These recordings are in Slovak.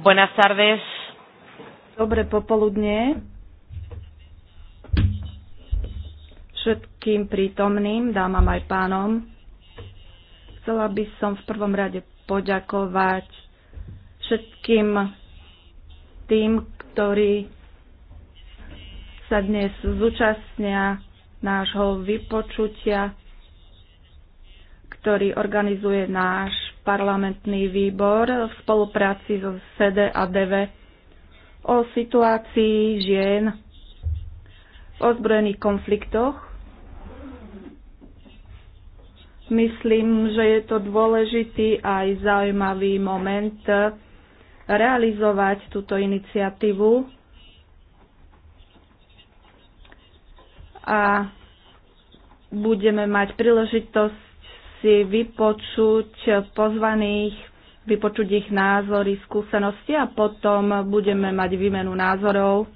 Buenas tardes. Dobré popoludne. Všetkým prítomným, dámam aj pánom, chcela by som v prvom rade poďakovať všetkým tým, ktorí sa dnes zúčastnia nášho vypočutia, ktorý organizuje náš parlamentný výbor v spolupráci so SEDE a DV o situácii žien v ozbrojených konfliktoch. Myslím, že je to dôležitý aj zaujímavý moment realizovať túto iniciatívu. A budeme mať príležitosť si vypočuť pozvaných, vypočuť ich názory, skúsenosti a potom budeme mať výmenu názorov.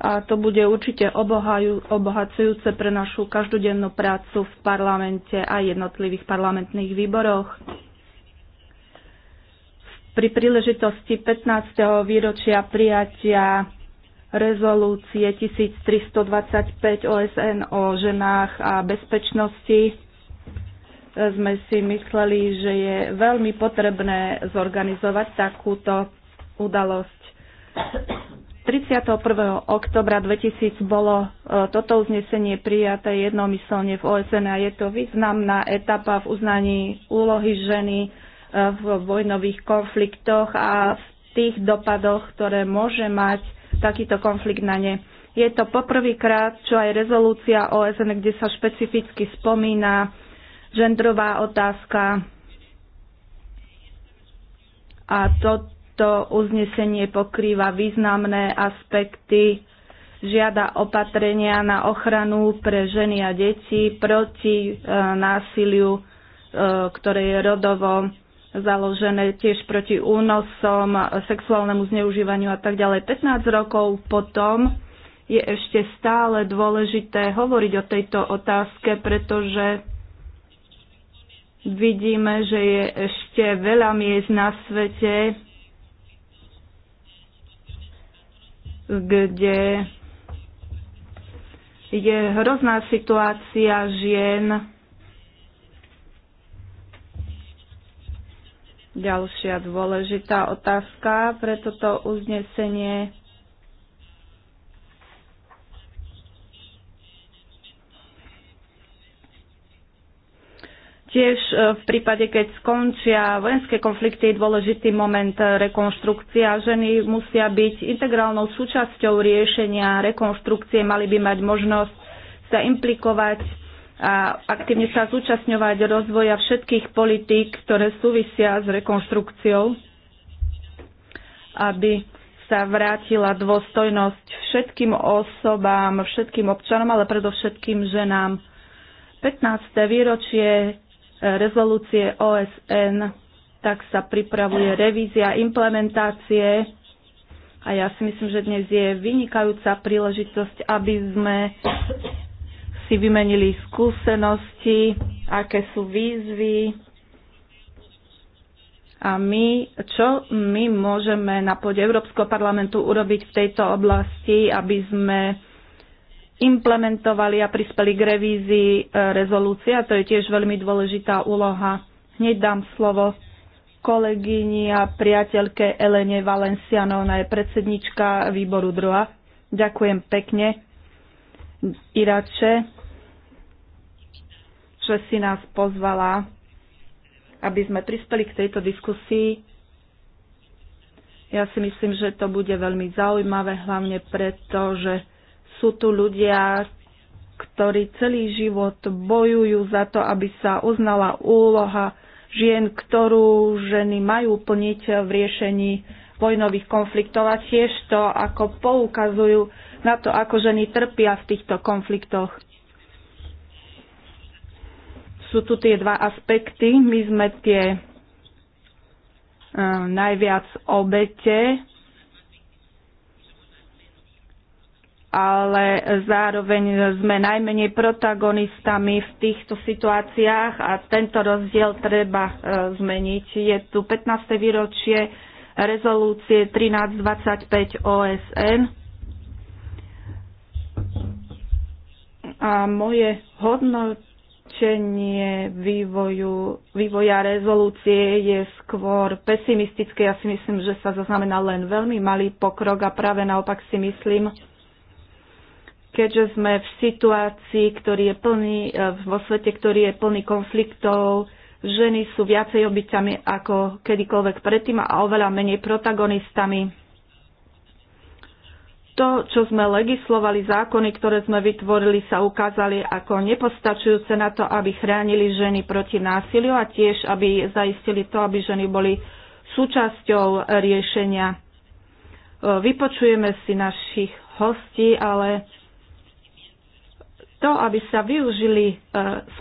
A to bude určite obohacujúce pre našu každodennú prácu v parlamente a jednotlivých parlamentných výboroch pri príležitosti 15. výročia prijatia rezolúcie 1325 OSN o ženách a bezpečnosti sme si mysleli, že je veľmi potrebné zorganizovať takúto udalosť. 31. oktobra 2000 bolo e, toto uznesenie prijaté jednomyselne v OSN a je to významná etapa v uznaní úlohy ženy e, v vojnových konfliktoch a v tých dopadoch, ktoré môže mať takýto konflikt na ne. Je to poprvýkrát, čo aj rezolúcia OSN, kde sa špecificky spomína žendrová otázka. A toto uznesenie pokrýva významné aspekty, žiada opatrenia na ochranu pre ženy a deti proti e, násiliu, e, ktoré je rodovo založené tiež proti únosom, sexuálnemu zneužívaniu a tak ďalej. 15 rokov potom je ešte stále dôležité hovoriť o tejto otázke, pretože Vidíme, že je ešte veľa miest na svete, kde je hrozná situácia žien. Ďalšia dôležitá otázka pre toto uznesenie Tiež e, v prípade, keď skončia vojenské konflikty, je dôležitý moment e, rekonštrukcia. Ženy musia byť integrálnou súčasťou riešenia rekonštrukcie, mali by mať možnosť sa implikovať a aktívne sa zúčastňovať rozvoja všetkých politík, ktoré súvisia s rekonštrukciou, aby sa vrátila dôstojnosť všetkým osobám, všetkým občanom, ale predovšetkým ženám. 15. výročie rezolúcie OSN, tak sa pripravuje revízia implementácie a ja si myslím, že dnes je vynikajúca príležitosť, aby sme si vymenili skúsenosti, aké sú výzvy a my, čo my môžeme na pôde Európskeho parlamentu urobiť v tejto oblasti, aby sme implementovali a prispeli k revízii e, rezolúcie a to je tiež veľmi dôležitá úloha. Hneď dám slovo kolegyni a priateľke Elene Valencianovna je predsednička výboru druha. Ďakujem pekne, Irače, že si nás pozvala, aby sme prispeli k tejto diskusii. Ja si myslím, že to bude veľmi zaujímavé, hlavne preto, že sú tu ľudia, ktorí celý život bojujú za to, aby sa uznala úloha žien, ktorú ženy majú plniť v riešení vojnových konfliktov a tiež to, ako poukazujú na to, ako ženy trpia v týchto konfliktoch. Sú tu tie dva aspekty. My sme tie eh, najviac obete ale zároveň sme najmenej protagonistami v týchto situáciách a tento rozdiel treba e, zmeniť. Je tu 15. výročie rezolúcie 1325 OSN. A moje hodnotenie vývoju, vývoja rezolúcie je skôr pesimistické. Ja si myslím, že sa zaznamená len veľmi malý pokrok a práve naopak si myslím, keďže sme v situácii, ktorý je plný, e, vo svete, ktorý je plný konfliktov, ženy sú viacej obyťami ako kedykoľvek predtým a oveľa menej protagonistami. To, čo sme legislovali, zákony, ktoré sme vytvorili, sa ukázali ako nepostačujúce na to, aby chránili ženy proti násiliu a tiež, aby zaistili to, aby ženy boli súčasťou riešenia. E, vypočujeme si našich hostí, ale to, aby sa využili e,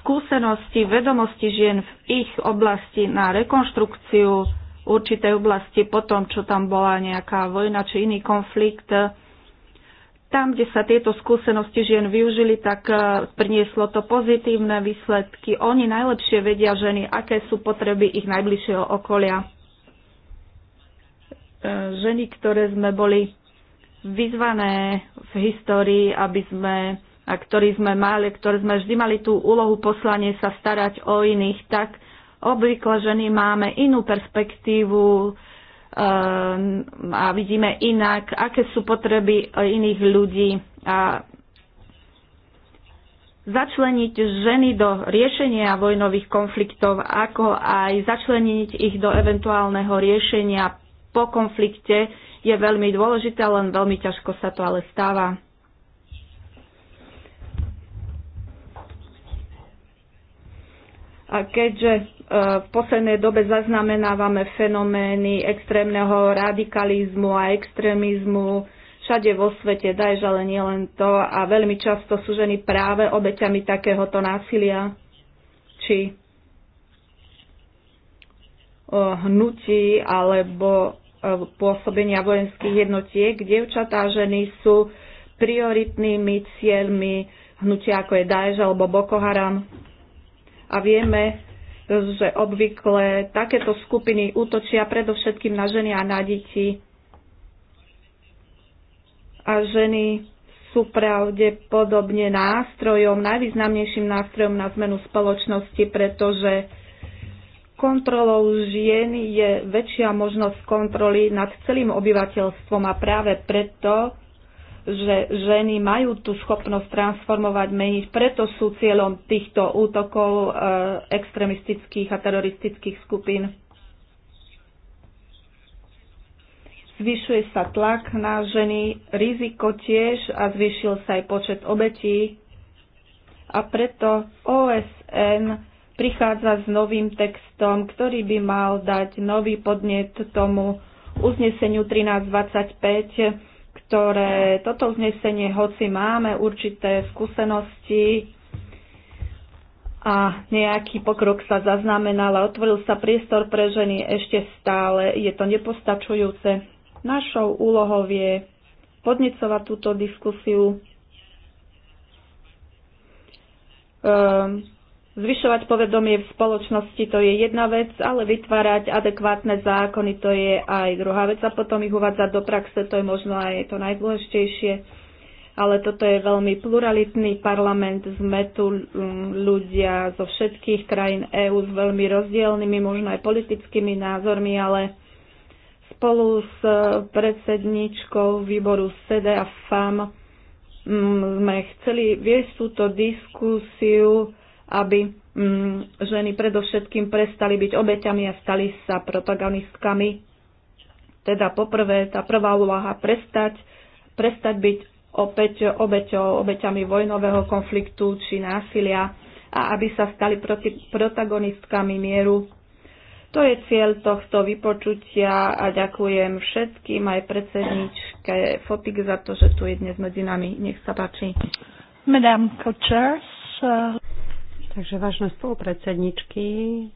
skúsenosti, vedomosti žien v ich oblasti na rekonštrukciu určitej oblasti po tom, čo tam bola nejaká vojna či iný konflikt. Tam, kde sa tieto skúsenosti žien využili, tak e, prinieslo to pozitívne výsledky. Oni najlepšie vedia ženy, aké sú potreby ich najbližšieho okolia. E, ženy, ktoré sme boli vyzvané v histórii, aby sme a ktorí sme mali, ktoré sme vždy mali tú úlohu poslanie sa starať o iných, tak obvykle ženy máme inú perspektívu ehm, a vidíme inak, aké sú potreby iných ľudí a začleniť ženy do riešenia vojnových konfliktov, ako aj začleniť ich do eventuálneho riešenia po konflikte je veľmi dôležité, len veľmi ťažko sa to ale stáva. A keďže e, v poslednej dobe zaznamenávame fenomény extrémneho radikalizmu a extrémizmu všade vo svete, dajže ale nielen to, a veľmi často sú ženy práve obeťami takéhoto násilia či e, hnutí alebo e, pôsobenia vojenských jednotiek. Dievčatá a ženy sú prioritnými cieľmi hnutia ako je Daesh alebo Boko Haram a vieme, že obvykle takéto skupiny útočia predovšetkým na ženy a na deti. A ženy sú pravdepodobne nástrojom, najvýznamnejším nástrojom na zmenu spoločnosti, pretože kontrolou žien je väčšia možnosť kontroly nad celým obyvateľstvom a práve preto že ženy majú tú schopnosť transformovať, meniť. Preto sú cieľom týchto útokov e, extremistických a teroristických skupín. Zvyšuje sa tlak na ženy, riziko tiež a zvyšil sa aj počet obetí. A preto OSN prichádza s novým textom, ktorý by mal dať nový podnet tomu uzneseniu 1325 ktoré toto uznesenie, hoci máme určité skúsenosti a nejaký pokrok sa zaznamenal a otvoril sa priestor pre ženy, ešte stále je to nepostačujúce. Našou úlohou je podnecovať túto diskusiu, um, Zvyšovať povedomie v spoločnosti to je jedna vec, ale vytvárať adekvátne zákony to je aj druhá vec a potom ich uvádzať do praxe to je možno aj to najdôležitejšie. Ale toto je veľmi pluralitný parlament, sme tu mm, ľudia zo všetkých krajín EÚ s veľmi rozdielnymi, možno aj politickými názormi, ale spolu s predsedničkou výboru SEDE a FAM mm, sme chceli viesť túto diskusiu aby mm, ženy predovšetkým prestali byť obeťami a stali sa protagonistkami. Teda poprvé, tá prvá úloha prestať, prestať byť opäť obeťou, obeťami vojnového konfliktu či násilia a aby sa stali proti, protagonistkami mieru. To je cieľ tohto vypočutia a ďakujem všetkým aj predsedničke Fotik za to, že tu je dnes medzi nami. Nech sa páči. Madame Uh... Takže vážne spolupredsedničky,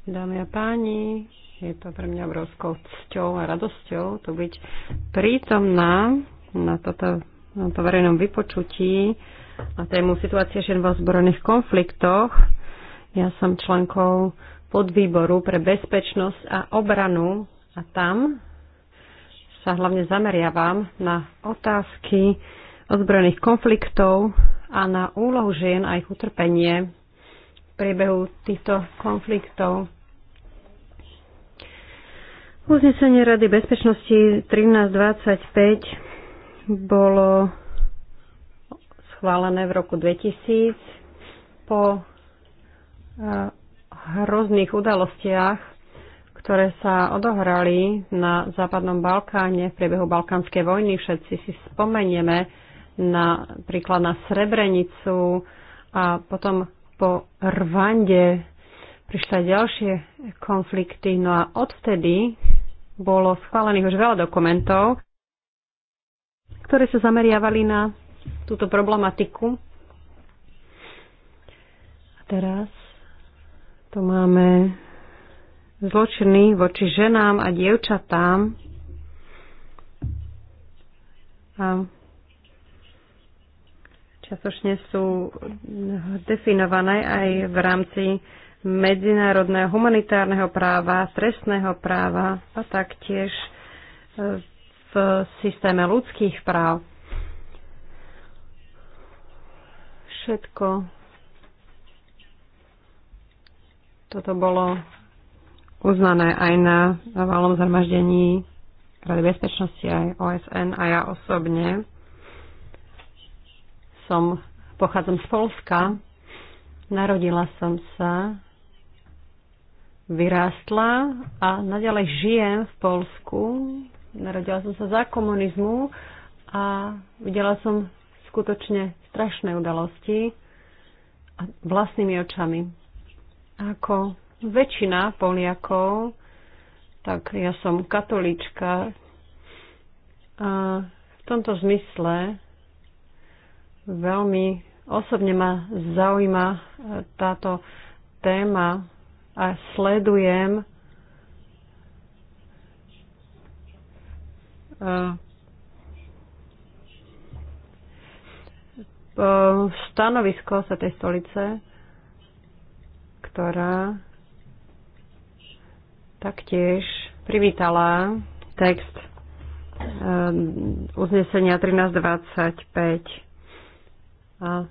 dámy a páni, je to pre mňa obrovskou cťou a radosťou tu byť prítomná na, toto, na to verejnom vypočutí na tému situácie žien v ozbrojených konfliktoch. Ja som členkou podvýboru pre bezpečnosť a obranu a tam sa hlavne zameriavam na otázky ozbrojených konfliktov a na úlohu žien a ich utrpenie priebehu týchto konfliktov. Uznesenie Rady bezpečnosti 1325 bolo schválené v roku 2000 po e, hrozných udalostiach, ktoré sa odohrali na Západnom Balkáne v priebehu Balkánskej vojny. Všetci si spomenieme na príklad na Srebrenicu a potom po Rvande prišli ďalšie konflikty. No a odvtedy bolo schválených už veľa dokumentov, ktoré sa zameriavali na túto problematiku. A teraz tu máme zločiny voči ženám a dievčatám. A čiastočne sú definované aj v rámci medzinárodného humanitárneho práva, trestného práva a taktiež e, v systéme ľudských práv. Všetko toto bolo uznané aj na valnom zhromaždení Rady bezpečnosti aj OSN a ja osobne som, pochádzam z Polska. Narodila som sa, vyrástla a naďalej žijem v Polsku. Narodila som sa za komunizmu a videla som skutočne strašné udalosti a vlastnými očami. Ako väčšina Poliakov, tak ja som katolíčka. A v tomto zmysle Veľmi osobne ma zaujíma e, táto téma a sledujem e, e, stanovisko sa tej stolice, ktorá taktiež privítala text uznesenia 1325 a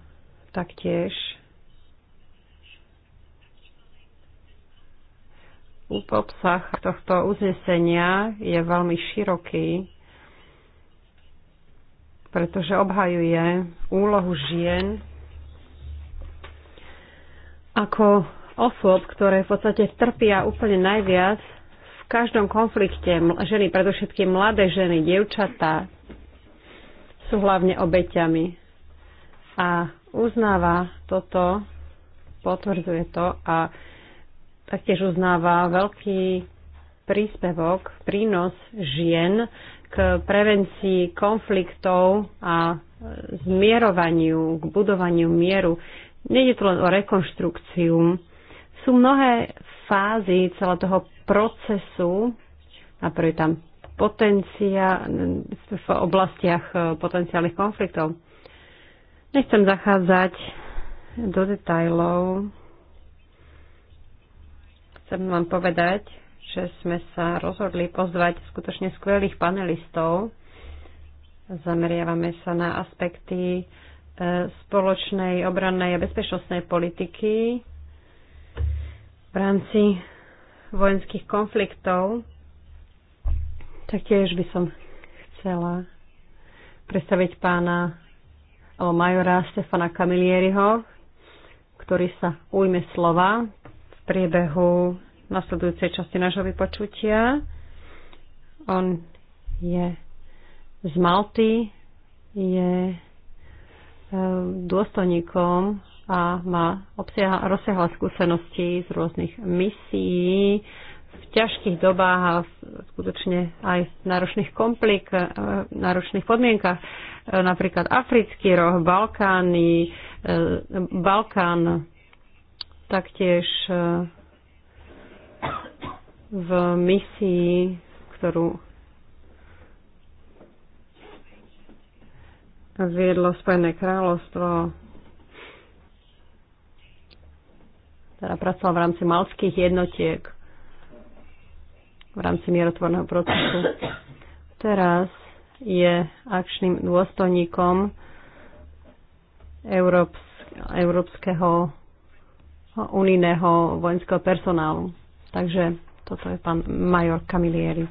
taktiež obsah tohto uznesenia je veľmi široký, pretože obhajuje úlohu žien ako osôb, ktoré v podstate trpia úplne najviac v každom konflikte. Ženy, predovšetkým mladé ženy, dievčatá, sú hlavne obeťami a uznáva toto, potvrdzuje to a taktiež uznáva veľký príspevok, prínos žien k prevencii konfliktov a zmierovaniu, k budovaniu mieru. Nejde to len o rekonštrukciu. Sú mnohé fázy celého toho procesu, napríklad tam potencia v oblastiach eh, potenciálnych konfliktov. Nechcem zachádzať do detajlov. Chcem vám povedať, že sme sa rozhodli pozvať skutočne skvelých panelistov. Zameriavame sa na aspekty e, spoločnej obrannej a bezpečnostnej politiky v rámci vojenských konfliktov. Taktiež by som chcela predstaviť pána o majora Stefana Kamilieriho, ktorý sa ujme slova v priebehu nasledujúcej časti nášho vypočutia. On je z Malty, je e, dôstojníkom a má obsiaha, rozsiahla skúsenosti z rôznych misií, v ťažkých dobách a skutočne aj v náročných komplik, eh, náročných podmienkach, eh, napríklad Africký roh, Balkány, eh, Balkán, taktiež v misii, ktorú viedlo Spojené kráľovstvo, teda pracoval v rámci malských jednotiek v rámci mierotvorného procesu. Teraz je akčným dôstojníkom európskeho unijného vojenského personálu. Takže toto je pán major Camilleri.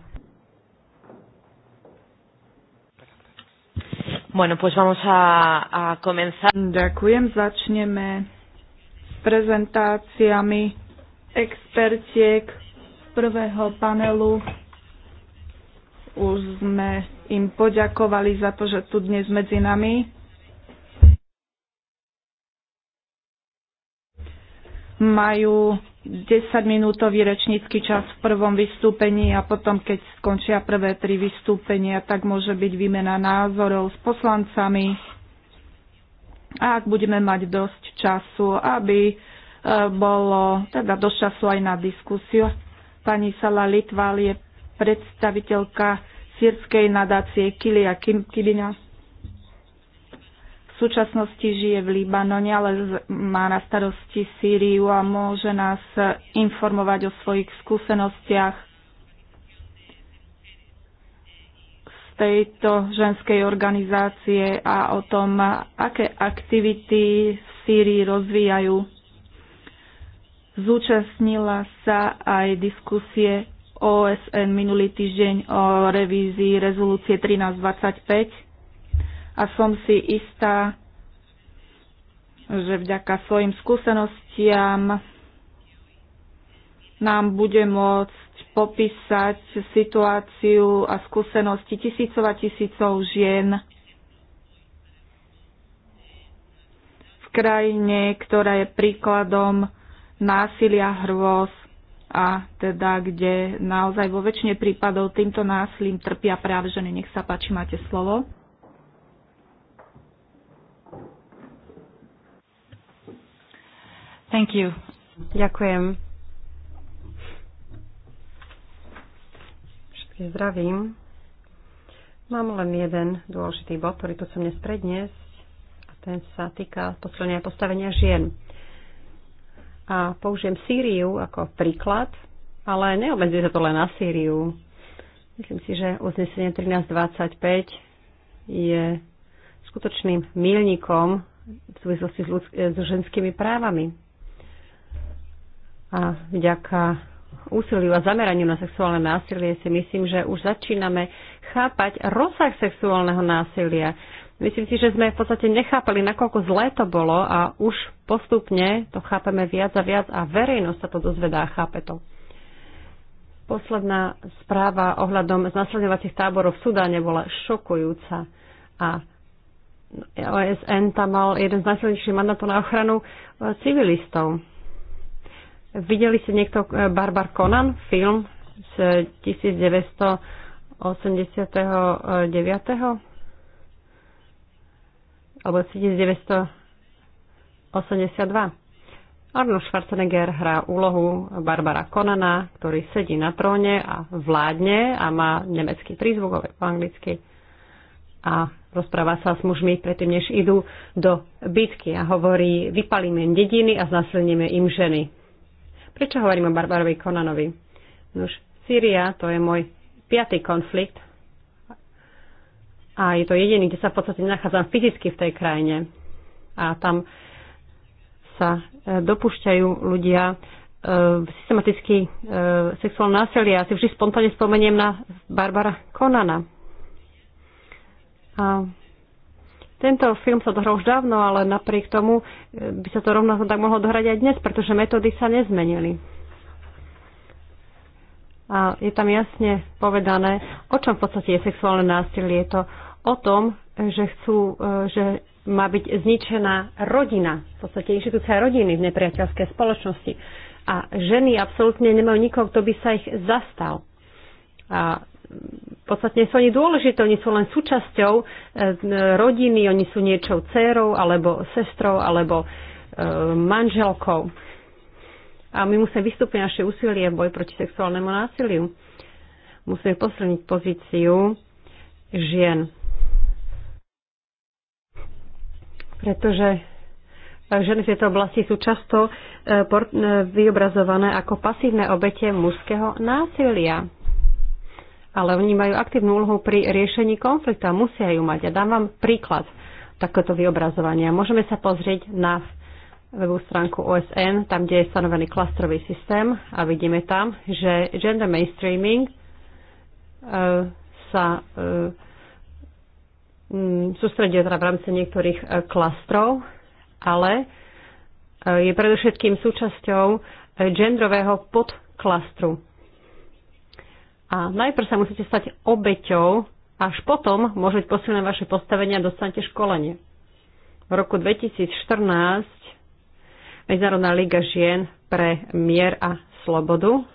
Bueno, pues vamos a, a comenzar. Ďakujem, začneme s prezentáciami expertiek prvého panelu. Už sme im poďakovali za to, že tu dnes medzi nami. Majú 10-minútový rečnícky čas v prvom vystúpení a potom, keď skončia prvé tri vystúpenia, tak môže byť výmena názorov s poslancami. A ak budeme mať dosť času, aby eh, bolo teda dosť času aj na diskusiu. Pani Sala Litval je predstaviteľka sírskej nadácie Kilia Kibina. V súčasnosti žije v Libanone, ale má na starosti Sýriu a môže nás informovať o svojich skúsenostiach z tejto ženskej organizácie a o tom, aké aktivity v Sýrii rozvíjajú Zúčastnila sa aj diskusie OSN minulý týždeň o revízii rezolúcie 1325 a som si istá, že vďaka svojim skúsenostiam nám bude môcť popísať situáciu a skúsenosti tisícov a tisícov žien v krajine, ktorá je príkladom násilia, hrôz a teda kde naozaj vo väčšine prípadov týmto násilím trpia práve ženy. Nech sa páči, máte slovo. Thank you. Ďakujem. Všetkých zdravím. Mám len jeden dôležitý bod, ktorý tu som dnes predniesť a ten sa týka posilnenia postavenia žien a použijem Sýriu ako príklad, ale neobmedzuje sa to len na Sýriu. Myslím si, že uznesenie 1325 je skutočným milníkom v súvislosti s, ľudsk- e, s ženskými právami. A vďaka úsiliu a zameraniu na sexuálne násilie si myslím, že už začíname chápať rozsah sexuálneho násilia. Myslím si, že sme v podstate nechápali, nakoľko zlé to bolo a už postupne to chápeme viac a viac a verejnosť sa to dozvedá a chápe to. Posledná správa ohľadom znasledňovacích táborov v Sudáne bola šokujúca a OSN tam mal jeden z najsilnejších mandátov na ochranu e, civilistov. Videli ste niekto e, Barbar Conan, film z 1989? alebo 1982. Arnold Schwarzenegger hrá úlohu Barbara Konana, ktorý sedí na tróne a vládne a má nemecký prízvuk, po anglicky. A rozpráva sa s mužmi predtým, než idú do bitky a hovorí, vypalíme dediny a znasilníme im ženy. Prečo hovorím o Barbarovi Konanovi? Nuž, Sýria to je môj piatý konflikt, a je to jediný, kde sa v podstate nachádzam fyzicky v tej krajine. A tam sa e, dopúšťajú ľudia e, systematicky e, sexuálne násilie. Ja si vždy spontánne spomeniem na Barbara Konana. A tento film sa dohral už dávno, ale napriek tomu by sa to rovnako tak mohlo dohrať aj dnes, pretože metódy sa nezmenili. A je tam jasne povedané, O čom v podstate je sexuálne násilie? Je to o tom, že chcú, e, že má byť zničená rodina, v podstate inštitúcia rodiny v nepriateľskej spoločnosti. A ženy absolútne nemajú nikoho, kto by sa ich zastal. A v podstate sú oni dôležité, oni sú len súčasťou e, rodiny, oni sú niečou dcerou, alebo sestrou, alebo e, manželkou. A my musíme vystúpiť naše úsilie v boji proti sexuálnemu násiliu. Musíme posilniť pozíciu žien. Pretože eh, ženy v tejto oblasti sú často eh, eh, vyobrazované ako pasívne obete mužského násilia. Ale oni majú aktívnu úlohu pri riešení konflikta, musia ju mať. Ja dám vám príklad takéto vyobrazovania. Môžeme sa pozrieť na webú stránku OSN, tam, kde je stanovený klastrový systém a vidíme tam, že gender mainstreaming E, sa e, sústredia teda v rámci niektorých e, klastrov, ale je predovšetkým súčasťou genderového podklastru. A najprv sa musíte stať obeťou, až potom môžete posilniť vaše postavenie a dostanete školenie. V roku 2014 Medzinárodná liga žien pre mier a slobodu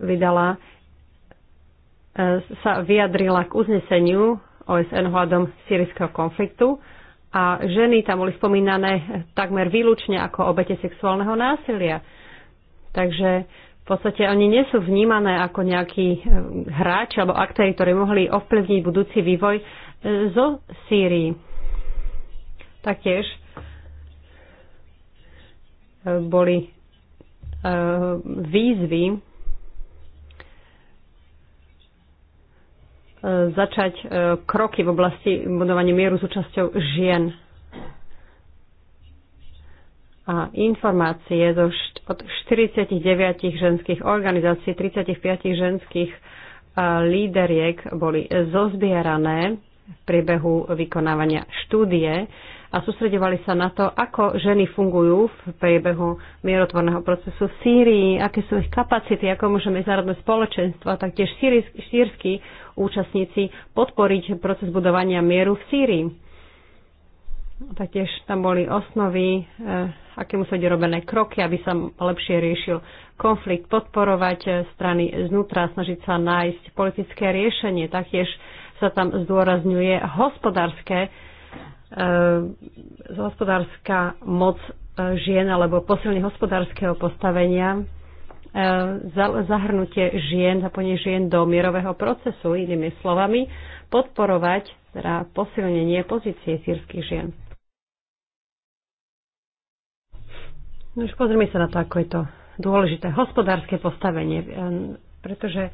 vydala sa vyjadrila k uzneseniu OSN hľadom sírického konfliktu a ženy tam boli spomínané takmer výlučne ako obete sexuálneho násilia. Takže v podstate oni nie sú vnímané ako nejakí e, hráči alebo aktéry, ktorí mohli ovplyvniť budúci vývoj e, zo Sýrii. Taktiež e, boli výzvy začať e, kroky v oblasti budovania mieru s účasťou žien. A informácie zo od 49 ženských organizácií, 35 ženských e, líderiek boli zozbierané v priebehu vykonávania štúdie a sústredovali sa na to, ako ženy fungujú v priebehu mierotvorného procesu v Sýrii, aké sú ich kapacity, ako môže národné spoločenstvo a taktiež sírsky účastníci podporiť proces budovania mieru v Sýrii. Taktiež tam boli osnovy, e, aké musia byť robené kroky, aby sa lepšie riešil konflikt, podporovať e, strany znútra, snažiť sa nájsť politické riešenie. Taktiež sa tam zdôrazňuje hospodárske, e, hospodárska moc žien alebo posilne hospodárskeho postavenia E, zahrnutie žien, zapojenie žien do mierového procesu, inými slovami, podporovať teda posilnenie pozície sírskych žien. No už pozrime sa na to, ako je to dôležité. Hospodárske postavenie, e, pretože e,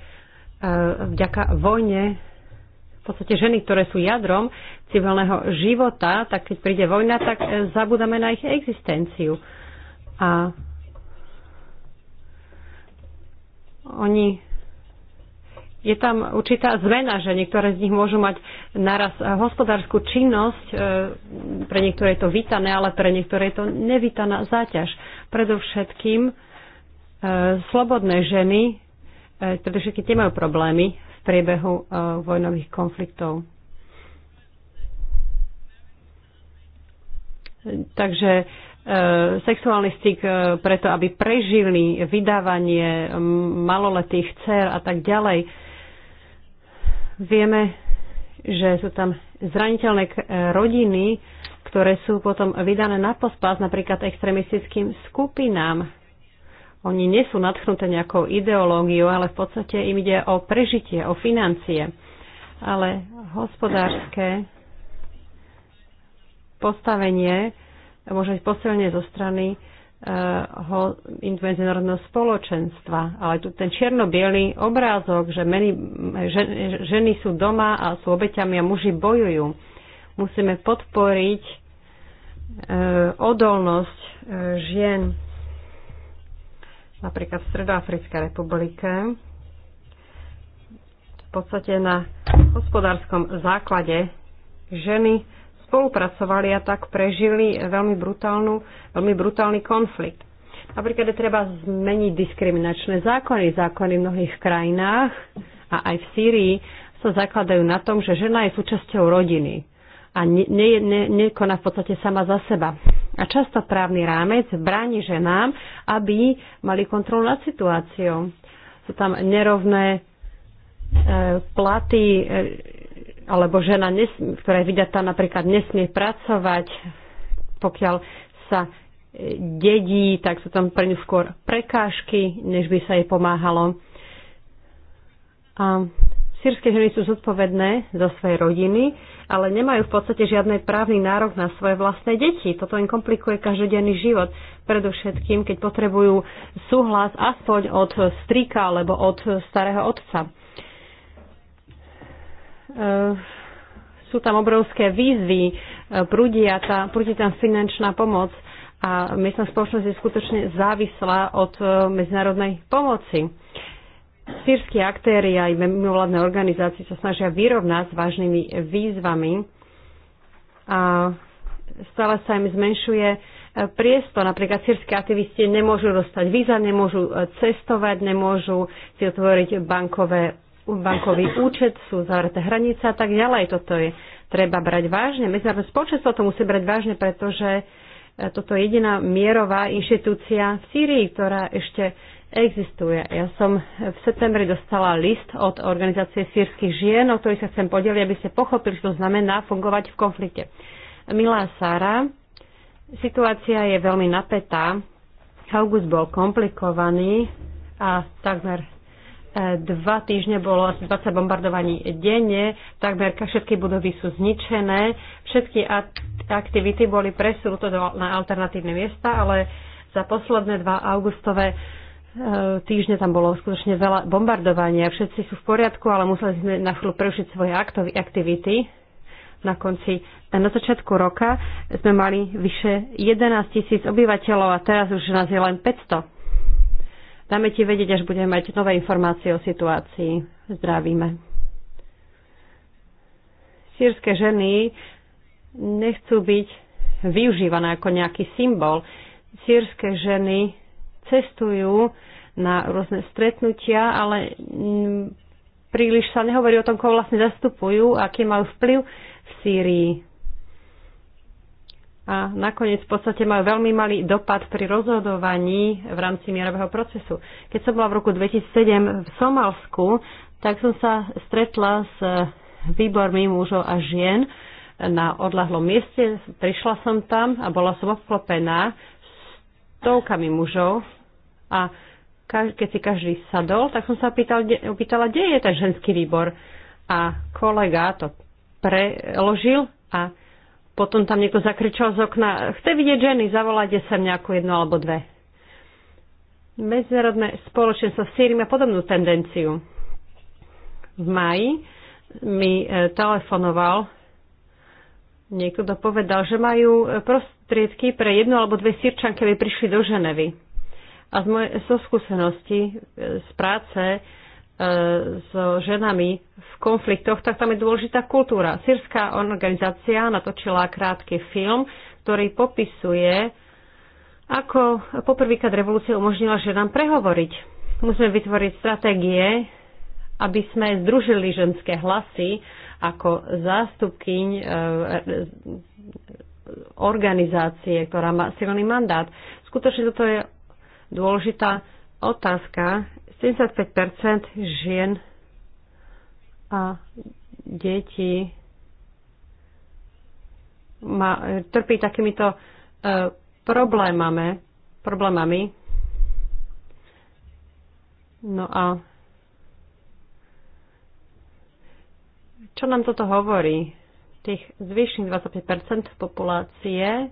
vďaka vojne v podstate ženy, ktoré sú jadrom civilného života, tak keď príde vojna, tak zabudáme na ich existenciu. A Oni, je tam určitá zmena, že niektoré z nich môžu mať naraz hospodárskú činnosť, e, pre niektoré je to vítané, ale pre niektoré je to nevítaná záťaž. Predovšetkým e, slobodné ženy, predovšetkým e, teda tie majú problémy v priebehu vojnových konfliktov. Takže E, sexuálny styk e, preto, aby prežili vydávanie maloletých dcer a tak ďalej. Vieme, že sú tam zraniteľné e, rodiny, ktoré sú potom vydané na pospas napríklad extremistickým skupinám. Oni nie sú nadchnuté nejakou ideológiou, ale v podstate im ide o prežitie, o financie. Ale hospodárske postavenie môže byť posilne zo strany eh, ho medzinárodného spoločenstva. Ale tu ten čierno-bielý obrázok, že meni, žen, ženy sú doma a sú obeťami a muži bojujú. Musíme podporiť uh, odolnosť uh, žien napríklad v Stredoafrickej republike v podstate na hospodárskom základe ženy spolupracovali a tak prežili veľmi, brutálnu, veľmi brutálny konflikt. Napríklad je treba zmeniť diskriminačné zákony. Zákony v mnohých krajinách a aj v Sýrii sa zakladajú na tom, že žena je súčasťou rodiny a nekoná ne, ne, ne v podstate sama za seba. A často právny rámec bráni ženám, aby mali kontrolu nad situáciou. Sú tam nerovné e, platy e, alebo žena, nesmie, ktorá je vydatá, napríklad nesmie pracovať, pokiaľ sa e, dedí, tak sú tam pre ňu skôr prekážky, než by sa jej pomáhalo. A sírske ženy sú zodpovedné za svoje rodiny, ale nemajú v podstate žiadny právny nárok na svoje vlastné deti. Toto im komplikuje každodenný život, predovšetkým, keď potrebujú súhlas aspoň od strika alebo od starého otca. E, sú tam obrovské výzvy, e, a tá, prúdi tam finančná pomoc a miestna spoločnosť je skutočne závislá od e, medzinárodnej pomoci. Sýrsky aktéry aj mimovládne organizácie sa snažia vyrovnať s vážnymi výzvami a stále sa im zmenšuje priestor. Napríklad sírsky aktivisti nemôžu dostať víza, nemôžu cestovať, nemôžu si otvoriť bankové bankový účet, sú zavreté hranice a tak ďalej. Toto je treba brať vážne. Medzinárodné spoločenstvo to musí brať vážne, pretože e, toto je jediná mierová inštitúcia v Sýrii, ktorá ešte existuje. Ja som v septembri dostala list od organizácie sírskych žien, o ktorých sa chcem podeliť, aby ste pochopili, čo znamená fungovať v konflikte. Milá Sára, situácia je veľmi napätá. August bol komplikovaný a takmer dva týždne bolo asi 20 bombardovaní denne, takmer všetky budovy sú zničené, všetky aktivity boli presunuté na alternatívne miesta, ale za posledné dva augustové e, týždne tam bolo skutočne veľa bombardovania. Všetci sú v poriadku, ale museli sme na chvíľu prerušiť svoje aktivity. Na konci, e, na začiatku roka sme mali vyše 11 tisíc obyvateľov a teraz už nás je len 500 Dáme ti vedieť, až budeme mať nové informácie o situácii. Zdravíme. Sírske ženy nechcú byť využívané ako nejaký symbol. Sírske ženy cestujú na rôzne stretnutia, ale príliš sa nehovorí o tom, koho vlastne zastupujú a aký majú vplyv v Sýrii a nakoniec v podstate majú veľmi malý dopad pri rozhodovaní v rámci mierového procesu. Keď som bola v roku 2007 v Somalsku, tak som sa stretla s výbormi mužov a žien na odlahlom mieste. Prišla som tam a bola som obklopená stovkami mužov a keď si každý sadol, tak som sa opýtala, kde je ten ženský výbor. A kolega to preložil a potom tam niekto zakričal z okna, chce vidieť ženy, zavolajte sem nejakú jednu alebo dve. Medzinárodné spoločenstvo v Sýrii má podobnú tendenciu. V maji mi e, telefonoval niekto povedal, že majú e, prostriedky pre jednu alebo dve sírčanky, aby prišli do Ženevy. A z mojej so skúsenosti e, z práce E, s ženami v konfliktoch, tak tam je dôležitá kultúra. Syrská organizácia natočila krátky film, ktorý popisuje, ako poprvýkrát revolúcia umožnila ženám prehovoriť. Musíme vytvoriť stratégie, aby sme združili ženské hlasy ako zástupkyň e, e, organizácie, ktorá má silný mandát. Skutočne toto je dôležitá otázka 75 žien a detí má, trpí takýmito uh, e, problémami, problémami. No a čo nám toto hovorí? Tých zvyšných 25 populácie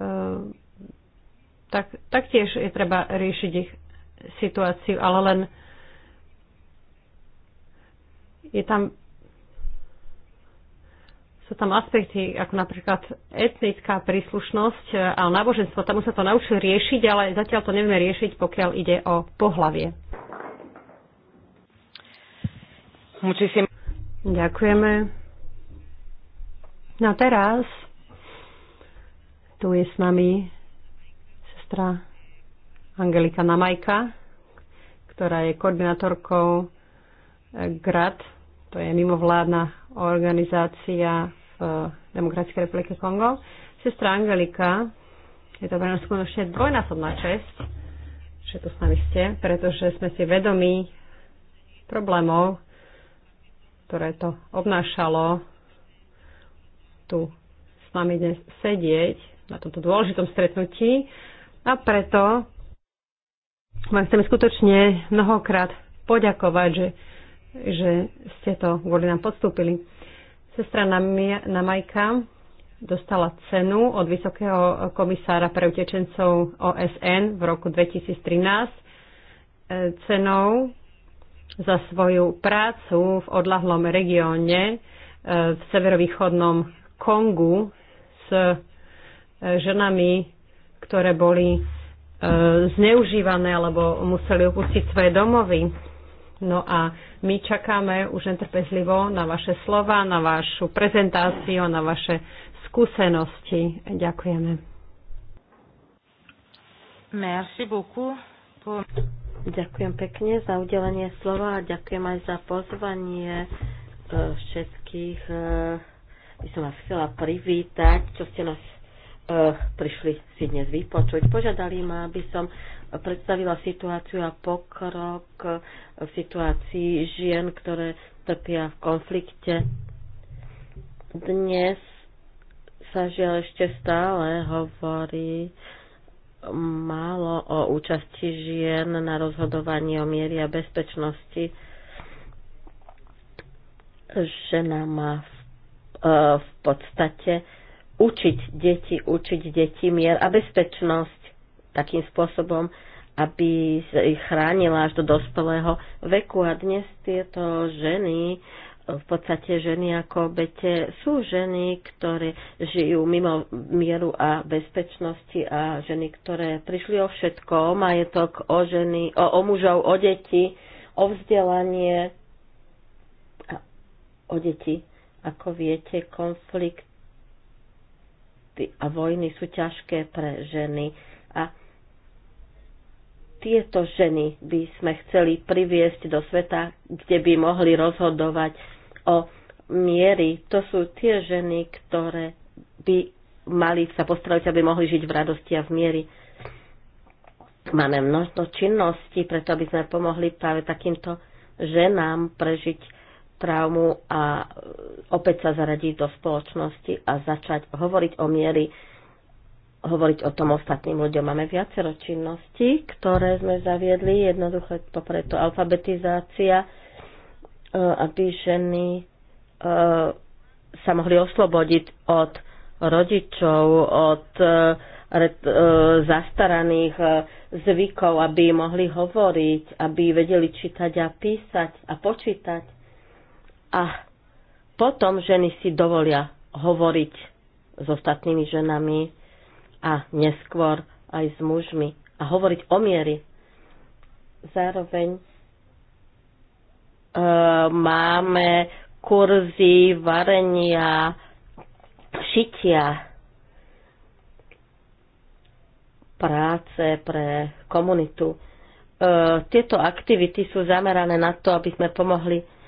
uh, tak taktiež je treba riešiť ich situáciu, ale len je tam sú tam aspekty ako napríklad etnická príslušnosť a náboženstvo. Tam sa to naučili riešiť, ale zatiaľ to nevieme riešiť, pokiaľ ide o pohlavie. Ďakujeme. No a teraz tu je s nami sestra Angelika Namajka, ktorá je koordinátorkou eh, GRAD, to je mimovládna organizácia v eh, Demokratickej republike Kongo. Sestra Angelika, je to pre nás skutočne dvojnásobná čest, že tu s nami ste, pretože sme si vedomí problémov, ktoré to obnášalo tu s nami dnes sedieť na tomto dôležitom stretnutí. A preto vám chcem skutočne mnohokrát poďakovať, že, že ste to kvôli nám podstúpili. Sestra na Majka dostala cenu od Vysokého komisára pre utečencov OSN v roku 2013 e, cenou za svoju prácu v odlahlom regióne e, v severovýchodnom Kongu s e, ženami ktoré boli e, zneužívané alebo museli opustiť svoje domovy. No a my čakáme už netrpezlivo na vaše slova, na vašu prezentáciu, na vaše skúsenosti. Ďakujeme. Merci beaucoup. Ďakujem pekne za udelenie slova a ďakujem aj za pozvanie e, všetkých. E, by som vás chcela privítať, čo ste nás Eh, prišli si dnes vypočuť. Požiadali ma, aby som predstavila situáciu a pokrok v situácii žien, ktoré trpia v konflikte. Dnes sa žiaľ ešte stále hovorí málo o účasti žien na rozhodovanie o miery a bezpečnosti. Žena má v, eh, v podstate učiť deti, učiť deti mier a bezpečnosť takým spôsobom, aby ich chránila až do dospelého veku. A dnes tieto ženy, v podstate ženy ako obete, sú ženy, ktoré žijú mimo mieru a bezpečnosti a ženy, ktoré prišli o všetko, o majetok, o ženy, o, o mužov, o deti, o vzdelanie, o deti. Ako viete, konflikt konflikty a vojny sú ťažké pre ženy a tieto ženy by sme chceli priviesť do sveta, kde by mohli rozhodovať o miery. To sú tie ženy, ktoré by mali sa postaviť, aby mohli žiť v radosti a v miery. Máme množstvo činností, preto aby sme pomohli práve takýmto ženám prežiť traumu a e, opäť sa zaradiť do spoločnosti a začať hovoriť o miery, hovoriť o tom ostatným ľuďom. Máme viacero činností, ktoré sme zaviedli, jednoducho to preto alfabetizácia, e, aby ženy e, sa mohli oslobodiť od rodičov, od zastaraných zvykov, aby mohli hovoriť, aby vedeli čítať a písať a počítať a potom ženy si dovolia hovoriť s ostatnými ženami a neskôr aj s mužmi a hovoriť o miery. Zároveň e, máme kurzy varenia, šitia, práce pre komunitu. E, tieto aktivity sú zamerané na to, aby sme pomohli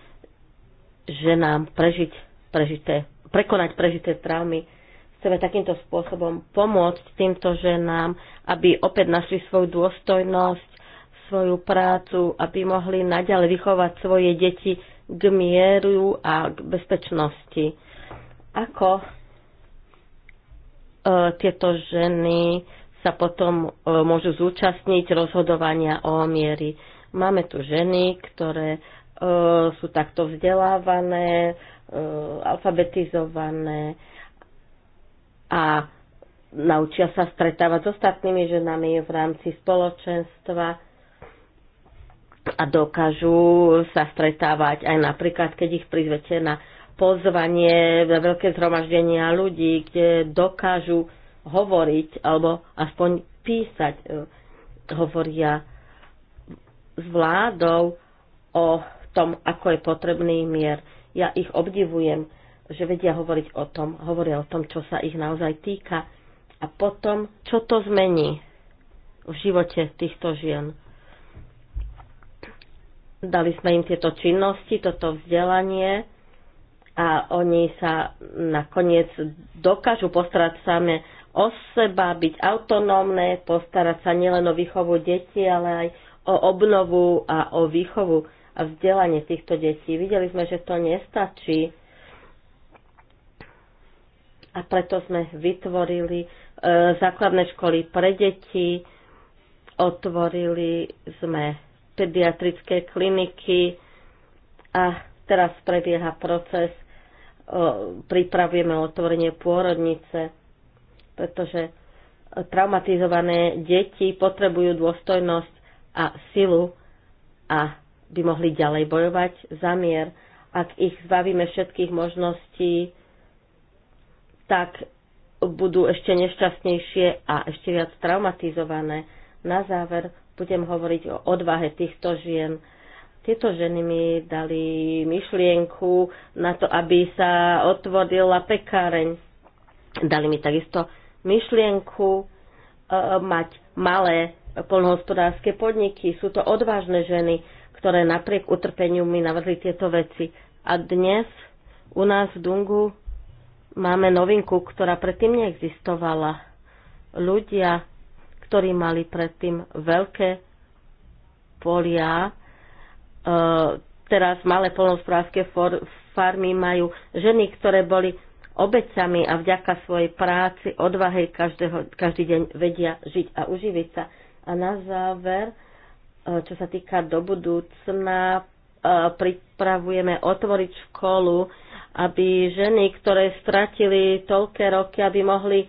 ženám prežiť prežité, prekonať prežité traumy. Chceme takýmto spôsobom pomôcť týmto ženám, aby opäť našli svoju dôstojnosť, svoju prácu, aby mohli naďalej vychovať svoje deti k mieru a k bezpečnosti. Ako e, tieto ženy sa potom e, môžu zúčastniť rozhodovania o miery. Máme tu ženy, ktoré sú takto vzdelávané, alfabetizované a naučia sa stretávať s ostatnými ženami v rámci spoločenstva a dokážu sa stretávať aj napríklad, keď ich prizvete na pozvanie, na veľké zhromaždenia ľudí, kde dokážu hovoriť alebo aspoň písať. Hovoria s vládou o tom, ako je potrebný mier. Ja ich obdivujem, že vedia hovoriť o tom, hovoria o tom, čo sa ich naozaj týka a potom, čo to zmení v živote týchto žien. Dali sme im tieto činnosti, toto vzdelanie a oni sa nakoniec dokážu postarať same o seba, byť autonómne, postarať sa nielen o výchovu detí, ale aj o obnovu a o výchovu a vzdelanie týchto detí. Videli sme, že to nestačí a preto sme vytvorili e, základné školy pre deti, otvorili sme pediatrické kliniky a teraz prebieha proces, e, pripravujeme otvorenie pôrodnice, pretože traumatizované deti potrebujú dôstojnosť a silu a by mohli ďalej bojovať za mier. Ak ich zbavíme všetkých možností, tak budú ešte nešťastnejšie a ešte viac traumatizované. Na záver budem hovoriť o odvahe týchto žien. Tieto ženy mi dali myšlienku na to, aby sa otvorila pekáreň. Dali mi takisto myšlienku e, mať malé polnohospodárske podniky. Sú to odvážne ženy, ktoré napriek utrpeniu mi navrli tieto veci. A dnes u nás v Dungu máme novinku, ktorá predtým neexistovala. Ľudia, ktorí mali predtým veľké polia, e, teraz malé polnospodárske farmy majú ženy, ktoré boli obecami a vďaka svojej práci, odvahe každého, každý deň vedia žiť a uživiť sa. A na záver E, čo sa týka do budúcna, e, pripravujeme otvoriť školu, aby ženy, ktoré stratili toľké roky, aby mohli e,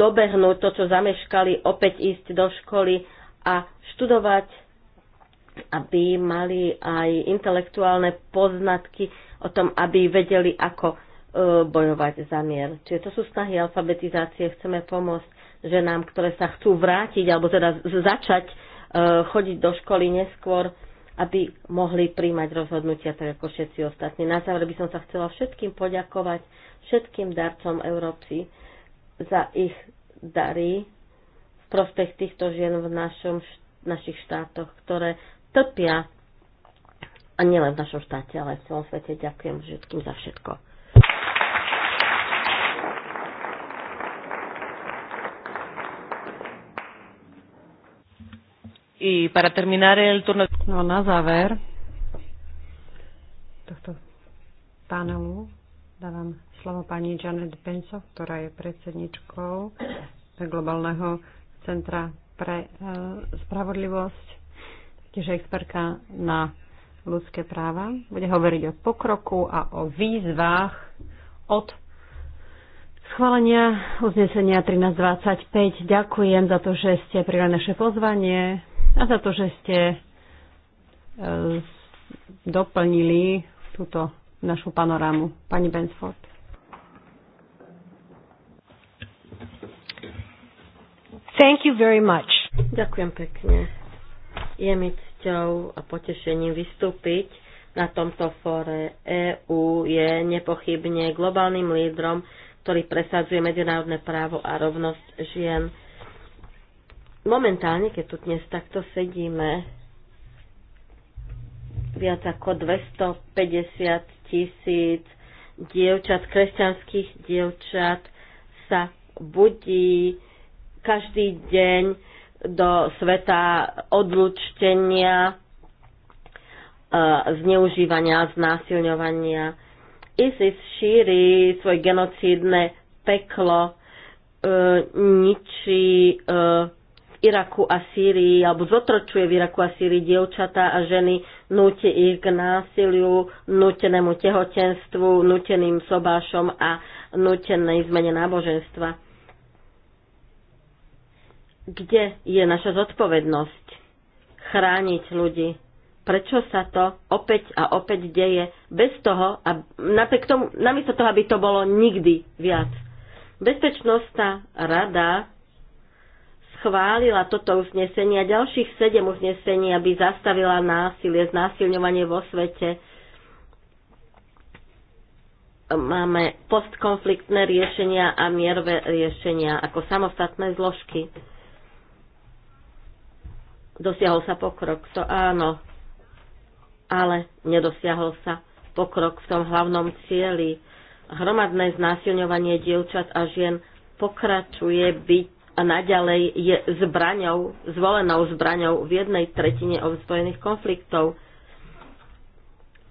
dobehnúť to, čo zameškali, opäť ísť do školy a študovať, aby mali aj intelektuálne poznatky o tom, aby vedeli, ako bojovať za mier. Čiže to sú snahy alfabetizácie, chceme pomôcť ženám, ktoré sa chcú vrátiť alebo teda začať Eh, chodiť do školy neskôr, aby mohli príjmať rozhodnutia tak ako všetci ostatní. Na záver by som sa chcela všetkým poďakovať, všetkým darcom Európy za ich dary v prospech týchto žien v našom, našich štátoch, ktoré trpia a nielen v našom štáte, ale aj v celom svete. Ďakujem všetkým za všetko. Y para terminar el turno... No, na záver tohto panelu dávam slovo pani Janet Benso, ktorá je predsedničkou Globálneho centra pre e, spravodlivosť, tiež expertka na ľudské práva. Bude hovoriť o pokroku a o výzvách od schválenia uznesenia 1325. Ďakujem za to, že ste prijali naše pozvanie a za to, že ste e, doplnili túto našu panorámu. Pani Bensford. Thank you very much. Ďakujem pekne. Je mi cťou a potešením vystúpiť na tomto fóre. EU je nepochybne globálnym lídrom, ktorý presadzuje medzinárodné právo a rovnosť žien momentálne, keď tu dnes takto sedíme, viac ako 250 tisíc dievčat, kresťanských dievčat sa budí každý deň do sveta odlučtenia, e, zneužívania, znásilňovania. ISIS šíri svoje genocídne peklo, e, ničí e, Iraku a Sýrii, alebo zotročuje v Iraku a Sýrii dievčatá a ženy, núti ich k násiliu, nútenému tehotenstvu, núteným sobášom a nútenej zmene náboženstva. Kde je naša zodpovednosť chrániť ľudí? Prečo sa to opäť a opäť deje bez toho, a napriek tomu, namiesto toho, aby to bolo nikdy viac? Bezpečnostná rada schválila toto uznesenie a ďalších sedem uznesení, aby zastavila násilie, znásilňovanie vo svete. Máme postkonfliktné riešenia a mierové riešenia ako samostatné zložky. Dosiahol sa pokrok, to áno, ale nedosiahol sa pokrok v tom hlavnom cieli. Hromadné znásilňovanie dievčat a žien pokračuje byť a naďalej je zbraňou, zvolenou zbraňou v jednej tretine ozbrojených konfliktov.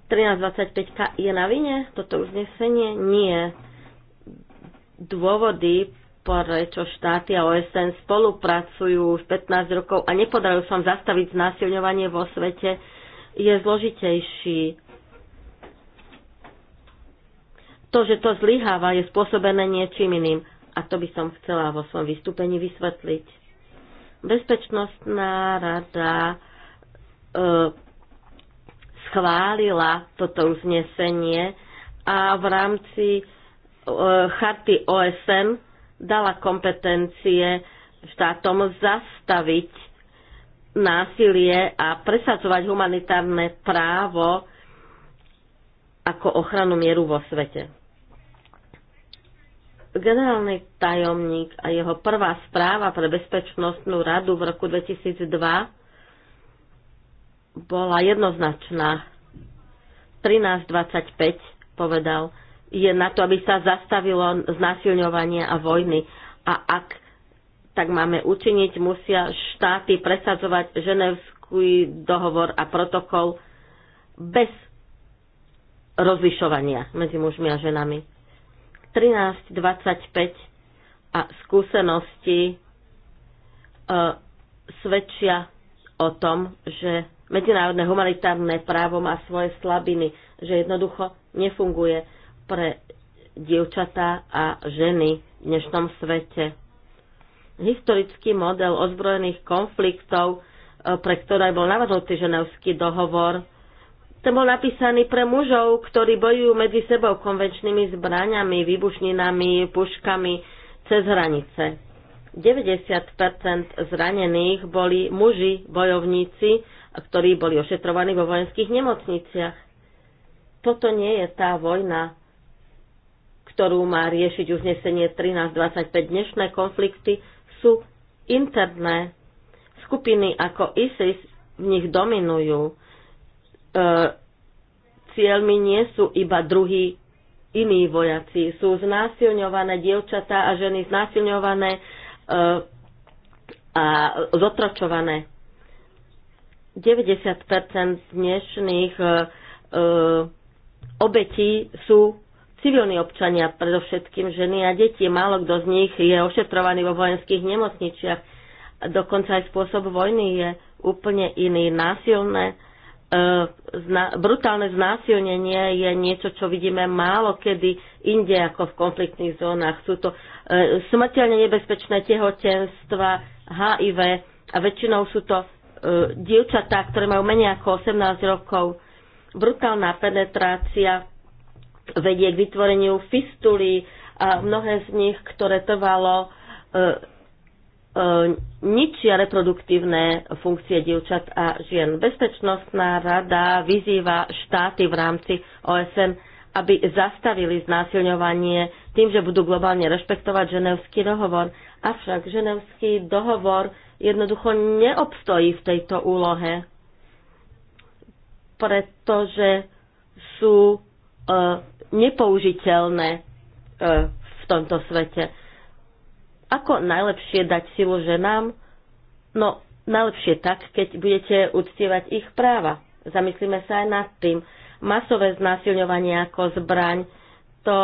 1325 je na vine? Toto uznesenie? Nie. Dôvody, prečo štáty a OSN spolupracujú už 15 rokov a nepodarujú sa zastaviť znásilňovanie vo svete, je zložitejší. To, že to zlyháva, je spôsobené niečím iným a to by som chcela vo svojom vystúpení vysvetliť. Bezpečnostná rada e, schválila toto uznesenie a v rámci e, charty OSN dala kompetencie štátom zastaviť násilie a presadzovať humanitárne právo ako ochranu mieru vo svete. Generálny tajomník a jeho prvá správa pre Bezpečnostnú radu v roku 2002 bola jednoznačná. 1325 povedal, je na to, aby sa zastavilo znásilňovanie a vojny. A ak tak máme učiniť, musia štáty presadzovať ženevský dohovor a protokol bez rozlišovania medzi mužmi a ženami 13.25 a skúsenosti e, svedčia o tom, že medzinárodné humanitárne právo má svoje slabiny, že jednoducho nefunguje pre dievčatá a ženy v dnešnom svete. Historický model ozbrojených konfliktov, e, pre ktoré bol navrhnutý ženevský dohovor, ten bol napísaný pre mužov, ktorí bojujú medzi sebou konvenčnými zbraňami, výbušninami, puškami cez hranice. 90% zranených boli muži, bojovníci, ktorí boli ošetrovaní vo vojenských nemocniciach. Toto nie je tá vojna, ktorú má riešiť uznesenie 1325. Dnešné konflikty sú interné. Skupiny ako ISIS v nich dominujú E, cieľmi nie sú iba druhí iní vojaci. Sú znásilňované dievčatá a ženy znásilňované e, a zotročované. 90% dnešných e, obetí sú civilní občania, predovšetkým ženy a deti. Málo kto z nich je ošetrovaný vo vojenských nemocničiach. Dokonca aj spôsob vojny je úplne iný, násilné Eh, zna, brutálne znásilnenie je niečo, čo vidíme málo kedy inde ako v konfliktných zónach. Sú to e, smrteľne nebezpečné tehotenstva, HIV a väčšinou sú to e, dievčatá, ktoré majú menej ako 18 rokov. Brutálna penetrácia vedie k vytvoreniu fistulí a mnohé z nich, ktoré trvalo ničia reproduktívne funkcie dievčat a žien. Bezpečnostná rada vyzýva štáty v rámci OSN, aby zastavili znásilňovanie tým, že budú globálne rešpektovať ženevský dohovor. Avšak ženevský dohovor jednoducho neobstojí v tejto úlohe, pretože sú e, nepoužiteľné e, v tomto svete ako najlepšie dať silu ženám? No, najlepšie tak, keď budete uctievať ich práva. Zamyslíme sa aj nad tým. Masové znásilňovanie ako zbraň, to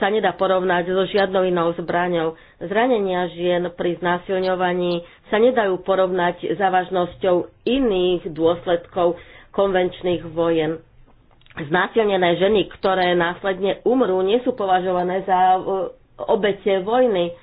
sa nedá porovnať so žiadnou inou zbraňou. Zranenia žien pri znásilňovaní sa nedajú porovnať závažnosťou iných dôsledkov konvenčných vojen. Znásilnené ženy, ktoré následne umrú, nie sú považované za e, obete vojny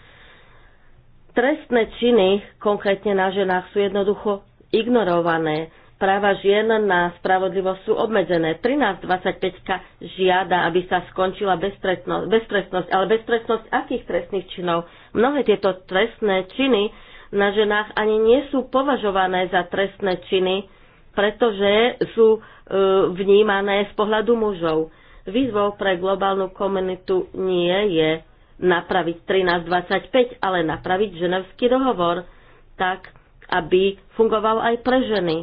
Trestné činy, konkrétne na ženách, sú jednoducho ignorované. Práva žien na spravodlivosť sú obmedzené. 13.25 žiada, aby sa skončila beztrestnosť, beztrestnosť, ale beztrestnosť akých trestných činov? Mnohé tieto trestné činy na ženách ani nie sú považované za trestné činy, pretože sú e, vnímané z pohľadu mužov. Výzvou pre globálnu komunitu nie je napraviť 1325, ale napraviť ženevský dohovor tak, aby fungoval aj pre ženy.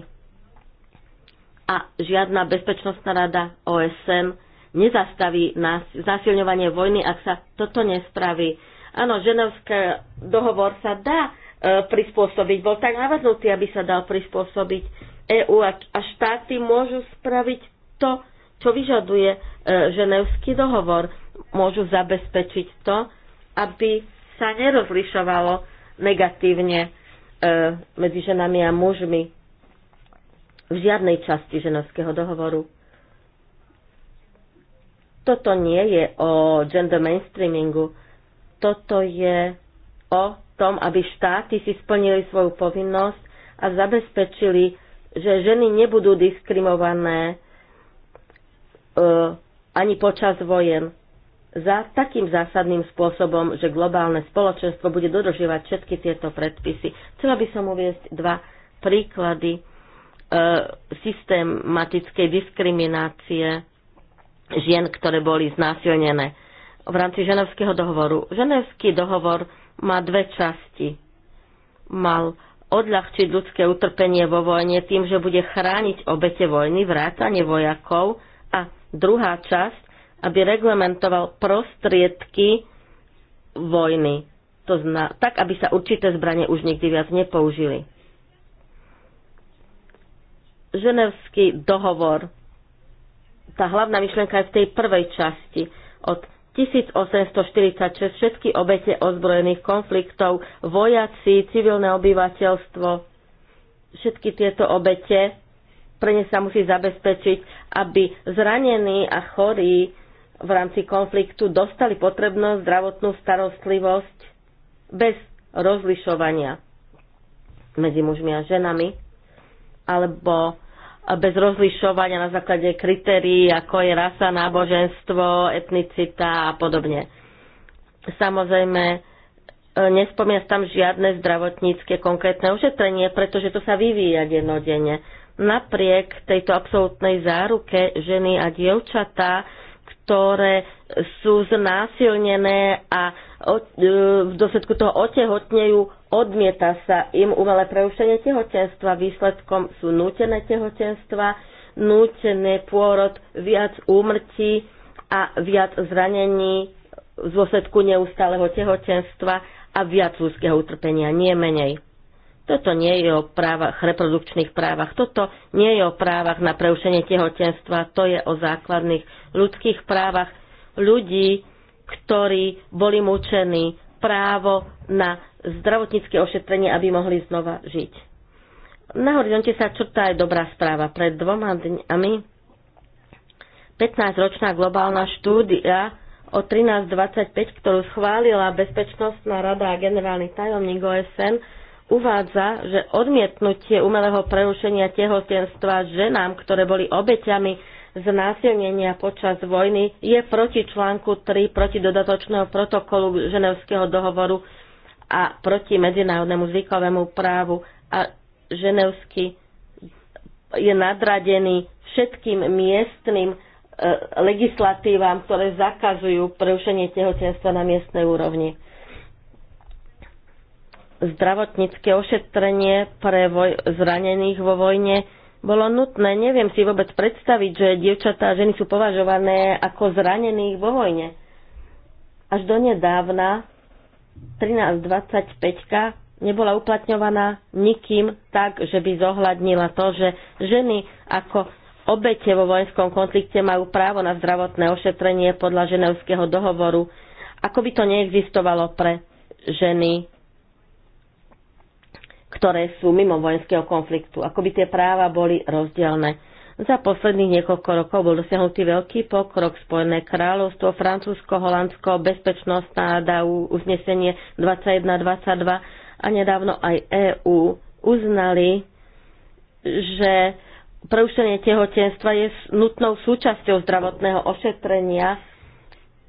A žiadna bezpečnostná rada OSN nezastaví zasilňovanie vojny, ak sa toto nespraví. Áno, ženevský dohovor sa dá e, prispôsobiť. Bol tak navaznutý, aby sa dal prispôsobiť. EU a, a štáty môžu spraviť to, čo vyžaduje e, ženevský dohovor môžu zabezpečiť to, aby sa nerozlišovalo negatívne e, medzi ženami a mužmi v žiadnej časti ženovského dohovoru. Toto nie je o gender mainstreamingu. Toto je o tom, aby štáty si splnili svoju povinnosť a zabezpečili, že ženy nebudú diskriminované e, ani počas vojen za takým zásadným spôsobom, že globálne spoločenstvo bude dodržiavať všetky tieto predpisy. Chcela by som uviezť dva príklady e, systematickej diskriminácie žien, ktoré boli znásilnené v rámci Ženevského dohovoru. Ženevský dohovor má dve časti. Mal odľahčiť ľudské utrpenie vo vojne tým, že bude chrániť obete vojny, vrátanie vojakov a druhá časť aby reglementoval prostriedky vojny. To zna, tak, aby sa určité zbranie už nikdy viac nepoužili. Ženevský dohovor. Tá hlavná myšlienka je v tej prvej časti. Od 1846 všetky obete ozbrojených konfliktov, vojaci, civilné obyvateľstvo, všetky tieto obete, pre ne sa musí zabezpečiť, aby zranení a chorí v rámci konfliktu dostali potrebnú zdravotnú starostlivosť bez rozlišovania medzi mužmi a ženami alebo bez rozlišovania na základe kritérií, ako je rasa, náboženstvo, etnicita a podobne. Samozrejme, e, nespomína tam žiadne zdravotnícke konkrétne ošetrenie, pretože to sa vyvíja dennodenne. Napriek tejto absolútnej záruke ženy a dievčatá ktoré sú znásilnené a e, v dôsledku toho otehotnejú, odmieta sa im umelé preušenie tehotenstva. Výsledkom sú nútené tehotenstva, nútený pôrod, viac úmrtí a viac zranení v dôsledku neustáleho tehotenstva a viac ľudského utrpenia, nie menej. Toto nie je o právach, reprodukčných právach, toto nie je o právach na preušenie tehotenstva, to je o základných ľudských právach ľudí, ktorí boli mučení právo na zdravotnícke ošetrenie, aby mohli znova žiť. Na horizonte sa črtá aj dobrá správa. Pred dvoma dňami 15-ročná globálna štúdia o 13.25, ktorú schválila Bezpečnostná rada a generálny tajomník OSN, uvádza, že odmietnutie umelého prerušenia tehotenstva ženám, ktoré boli obeťami znásilnenia počas vojny, je proti článku 3 proti dodatočného protokolu Ženevského dohovoru a proti medzinárodnému zvykovému právu a Ženevský je nadradený všetkým miestnym eh, legislatívam, ktoré zakazujú prerušenie tehotenstva na miestnej úrovni zdravotnícke ošetrenie pre voj- zranených vo vojne bolo nutné. Neviem si vôbec predstaviť, že dievčatá a ženy sú považované ako zranených vo vojne. Až donedávna 1325 nebola uplatňovaná nikým tak, že by zohľadnila to, že ženy ako obete vo vojenskom konflikte majú právo na zdravotné ošetrenie podľa ženevského dohovoru, ako by to neexistovalo pre ženy ktoré sú mimo vojenského konfliktu, ako by tie práva boli rozdielne. Za posledných niekoľko rokov bol dosiahnutý veľký pokrok Spojené kráľovstvo, Francúzsko, Holandsko, bezpečnosť náda, uznesenie 21-22 a nedávno aj EÚ uznali, že prerušenie tehotenstva je nutnou súčasťou zdravotného ošetrenia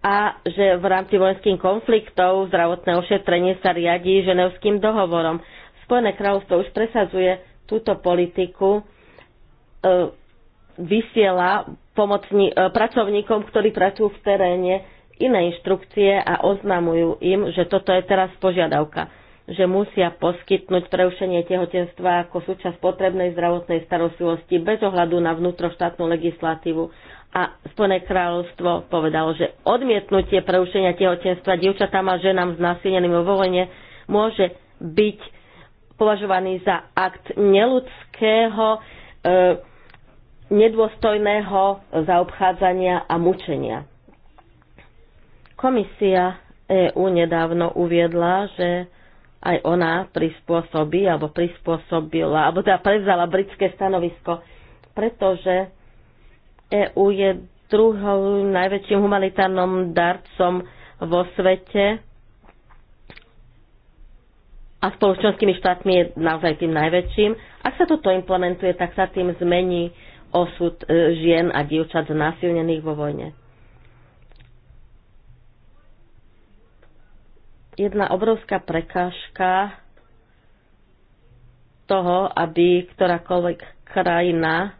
a že v rámci vojenských konfliktov zdravotné ošetrenie sa riadí ženevským dohovorom. Spojené kráľovstvo už presadzuje túto politiku, e, vysiela pomocní, e, pracovníkom, ktorí pracujú v teréne, iné inštrukcie a oznamujú im, že toto je teraz požiadavka že musia poskytnúť preušenie tehotenstva ako súčasť potrebnej zdravotnej starostlivosti bez ohľadu na vnútroštátnu legislatívu. A Spojené kráľovstvo povedalo, že odmietnutie preušenia tehotenstva dievčatám a ženám znásilneným vo vojne môže byť považovaný za akt neludského, e, nedôstojného zaobchádzania a mučenia. Komisia EÚ nedávno uviedla, že aj ona prispôsobí alebo prispôsobila, alebo teda prevzala britské stanovisko, pretože EÚ je druhou najväčším humanitárnom darcom vo svete a spolu s členskými štátmi je naozaj tým najväčším. Ak sa toto implementuje, tak sa tým zmení osud e, žien a dievčat znásilnených vo vojne. Jedna obrovská prekážka toho, aby ktorákoľvek krajina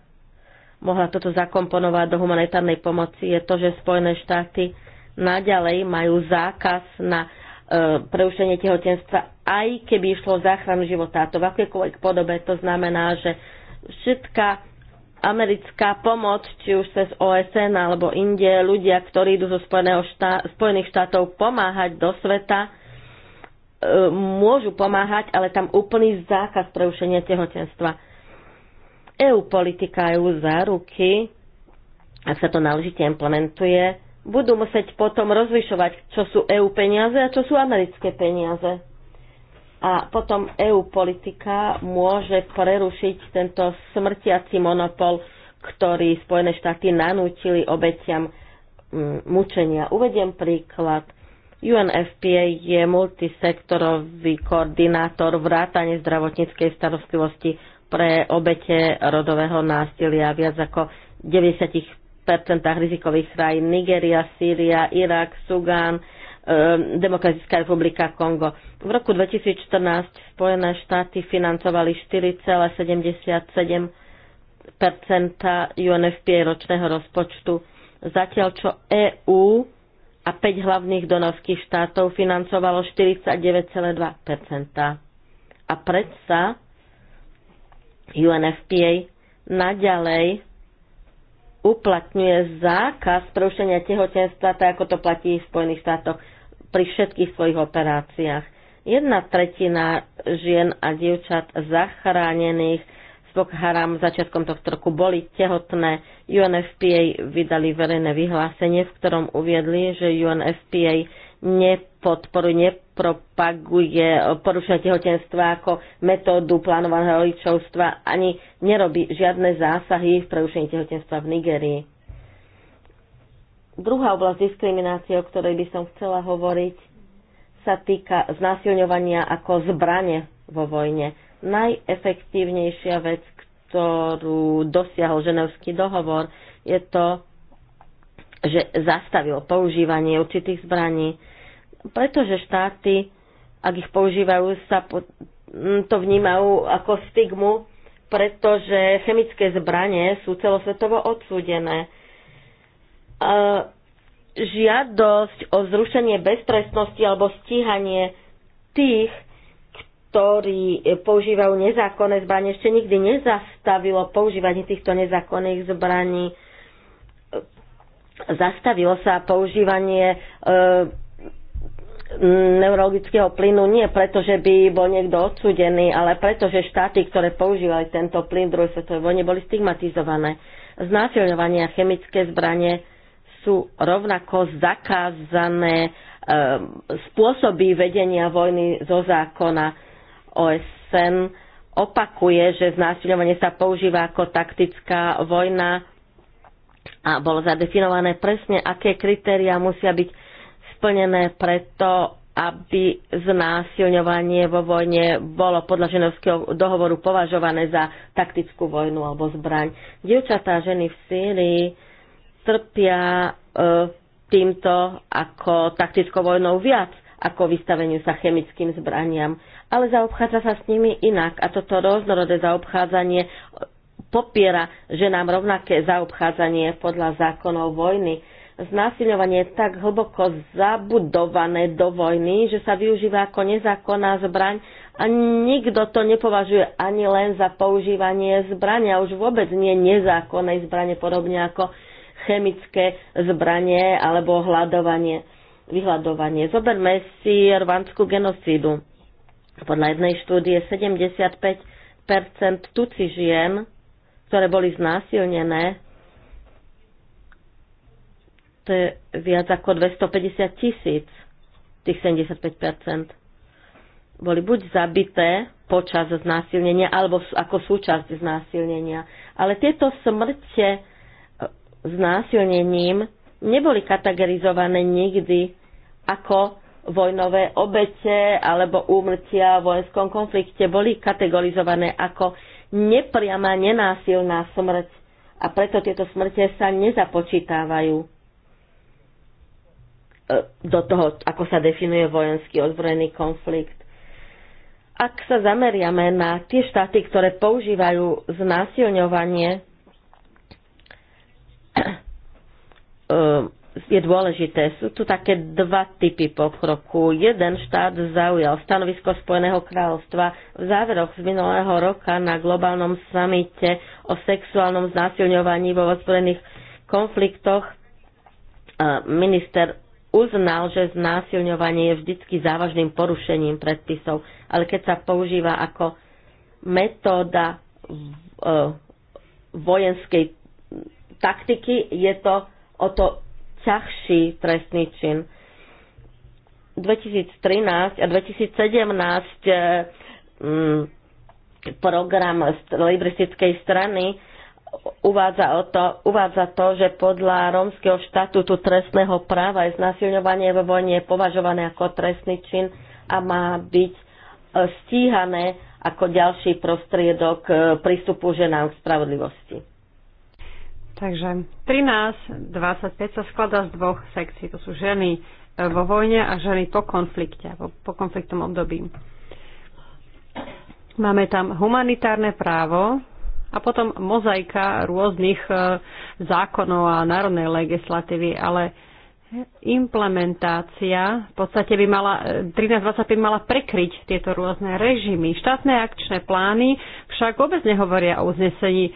mohla toto zakomponovať do humanitárnej pomoci, je to, že Spojené štáty naďalej majú zákaz na e, preušenie tehotenstva aj keby išlo záchranu života. to v akékoľvek podobe to znamená, že všetká americká pomoc, či už cez OSN alebo inde, ľudia, ktorí idú zo štá- Spojených štátov pomáhať do sveta, e, môžu pomáhať, ale tam úplný zákaz preušenia tehotenstva. EU politika, EU záruky, ak sa to náležite implementuje, budú musieť potom rozlišovať, čo sú EU peniaze a čo sú americké peniaze a potom EU politika môže prerušiť tento smrtiaci monopol, ktorý Spojené štáty nanútili obetiam mm, mučenia. Uvediem príklad. UNFPA je multisektorový koordinátor vrátane zdravotníckej starostlivosti pre obete rodového násilia viac ako 90% rizikových krajín Nigeria, Sýria, Irak, Sugán, Ehm, Demokratická republika Kongo. V roku 2014 Spojené štáty financovali 4,77 UNFP ročného rozpočtu, zatiaľ čo EÚ a 5 hlavných donorských štátov financovalo 49,2 A predsa UNFPA naďalej uplatňuje zákaz prerušenia tehotenstva, tak ako to platí v Spojených štátoch pri všetkých svojich operáciách. Jedna tretina žien a dievčat zachránených z Haram začiatkom tohto roku boli tehotné. UNFPA vydali verejné vyhlásenie, v ktorom uviedli, že UNFPA nepodporuje, nepropaguje porušenie tehotenstva ako metódu plánovaného rodičovstva ani nerobí žiadne zásahy v prerušení tehotenstva v Nigerii. Druhá oblasť diskriminácie, o ktorej by som chcela hovoriť, sa týka znásilňovania ako zbrane vo vojne. Najefektívnejšia vec, ktorú dosiahol Ženevský dohovor, je to, že zastavil používanie určitých zbraní, pretože štáty, ak ich používajú, sa to vnímajú ako stigmu, pretože chemické zbranie sú celosvetovo odsúdené E, žiadosť o zrušenie beztrestnosti alebo stíhanie tých, ktorí používajú nezákonné zbranie, ešte nikdy nezastavilo používanie týchto nezákonných zbraní. Zastavilo sa používanie e, neurologického plynu nie preto, že by bol niekto odsudený, ale preto, že štáty, ktoré používali tento plyn v druhej svetovej vojne, boli stigmatizované. Znásilňovanie a chemické zbranie sú rovnako zakázané e, spôsoby vedenia vojny zo zákona OSN opakuje, že znásilňovanie sa používa ako taktická vojna a bolo zadefinované presne, aké kritéria musia byť splnené preto, aby znásilňovanie vo vojne bolo podľa ženovského dohovoru považované za taktickú vojnu alebo zbraň. Dievčatá ženy v Sýrii trpia e, týmto ako taktickou vojnou viac ako vystaveniu sa chemickým zbraniam, ale zaobchádza sa s nimi inak a toto rôznorodé zaobchádzanie popiera, že nám rovnaké zaobchádzanie podľa zákonov vojny. Znásilňovanie je tak hlboko zabudované do vojny, že sa využíva ako nezákonná zbraň a nikto to nepovažuje ani len za používanie zbrania, už vôbec nie nezákonnej zbrane, podobne ako chemické zbranie alebo hľadovanie, vyhľadovanie. Zoberme si rvanskú genocídu. Podľa jednej štúdie 75 tuci žien, ktoré boli znásilnené, to je viac ako 250 tisíc, tých 75 boli buď zabité počas znásilnenia alebo ako súčasť znásilnenia. Ale tieto smrte znásilnením neboli kategorizované nikdy ako vojnové obete alebo úmrtia v vojenskom konflikte boli kategorizované ako nepriama nenásilná smrť a preto tieto smrte sa nezapočítávajú e, do toho, ako sa definuje vojenský ozbrojený konflikt. Ak sa zameriame na tie štáty, ktoré používajú znásilňovanie E, je dôležité. Sú tu také dva typy pokroku. Jeden štát zaujal stanovisko Spojeného kráľovstva v záveroch z minulého roka na globálnom samite o sexuálnom znásilňovaní vo ozbrojených konfliktoch. E, minister uznal, že znásilňovanie je vždycky závažným porušením predpisov, ale keď sa používa ako metóda e, vojenskej taktiky, je to o to ťažší trestný čin. 2013 a 2017 eh, mm, program libristickej strany uvádza, o to, uvádza to, že podľa rómskeho štatútu trestného práva je znasilňovanie vo vojne považované ako trestný čin a má byť eh, stíhané ako ďalší prostriedok eh, prístupu ženám k spravodlivosti. Takže 13, 25 sa skladá z dvoch sekcií. To sú ženy e, vo vojne a ženy po konflikte, po, po konfliktom období. Máme tam humanitárne právo a potom mozaika rôznych e, zákonov a národnej legislatívy, ale implementácia v podstate by mala, 1325 e, mala prekryť tieto rôzne režimy. Štátne akčné plány však vôbec nehovoria o uznesení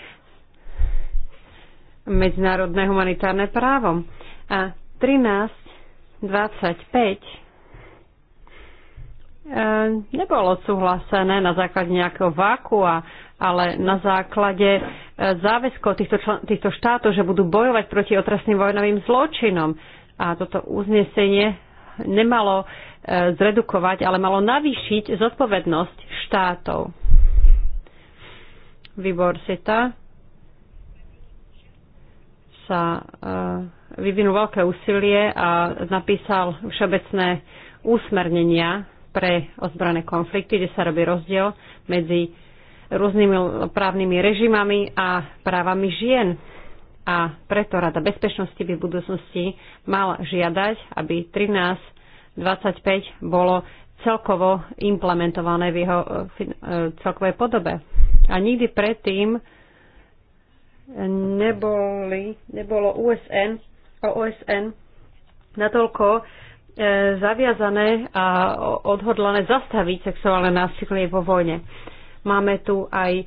medzinárodné humanitárne právo. A 13.25 e, nebolo súhlasené na základe nejakého vákua, ale na základe e, záväzkov týchto, člen, týchto štátov, že budú bojovať proti otrasným vojnovým zločinom. A toto uznesenie nemalo e, zredukovať, ale malo navýšiť zodpovednosť štátov. Výbor SETA sa eh, vyvinul veľké úsilie a napísal všeobecné úsmernenia pre ozbrané konflikty, kde sa robí rozdiel medzi rôznymi právnymi režimami a právami žien. A preto Rada bezpečnosti by v budúcnosti mal žiadať, aby 1325 bolo celkovo implementované v jeho eh, eh, celkovej podobe. A nikdy predtým neboli, nebolo USN, OSN natoľko e, zaviazané a odhodlané zastaviť sexuálne násilie vo vojne. Máme tu aj,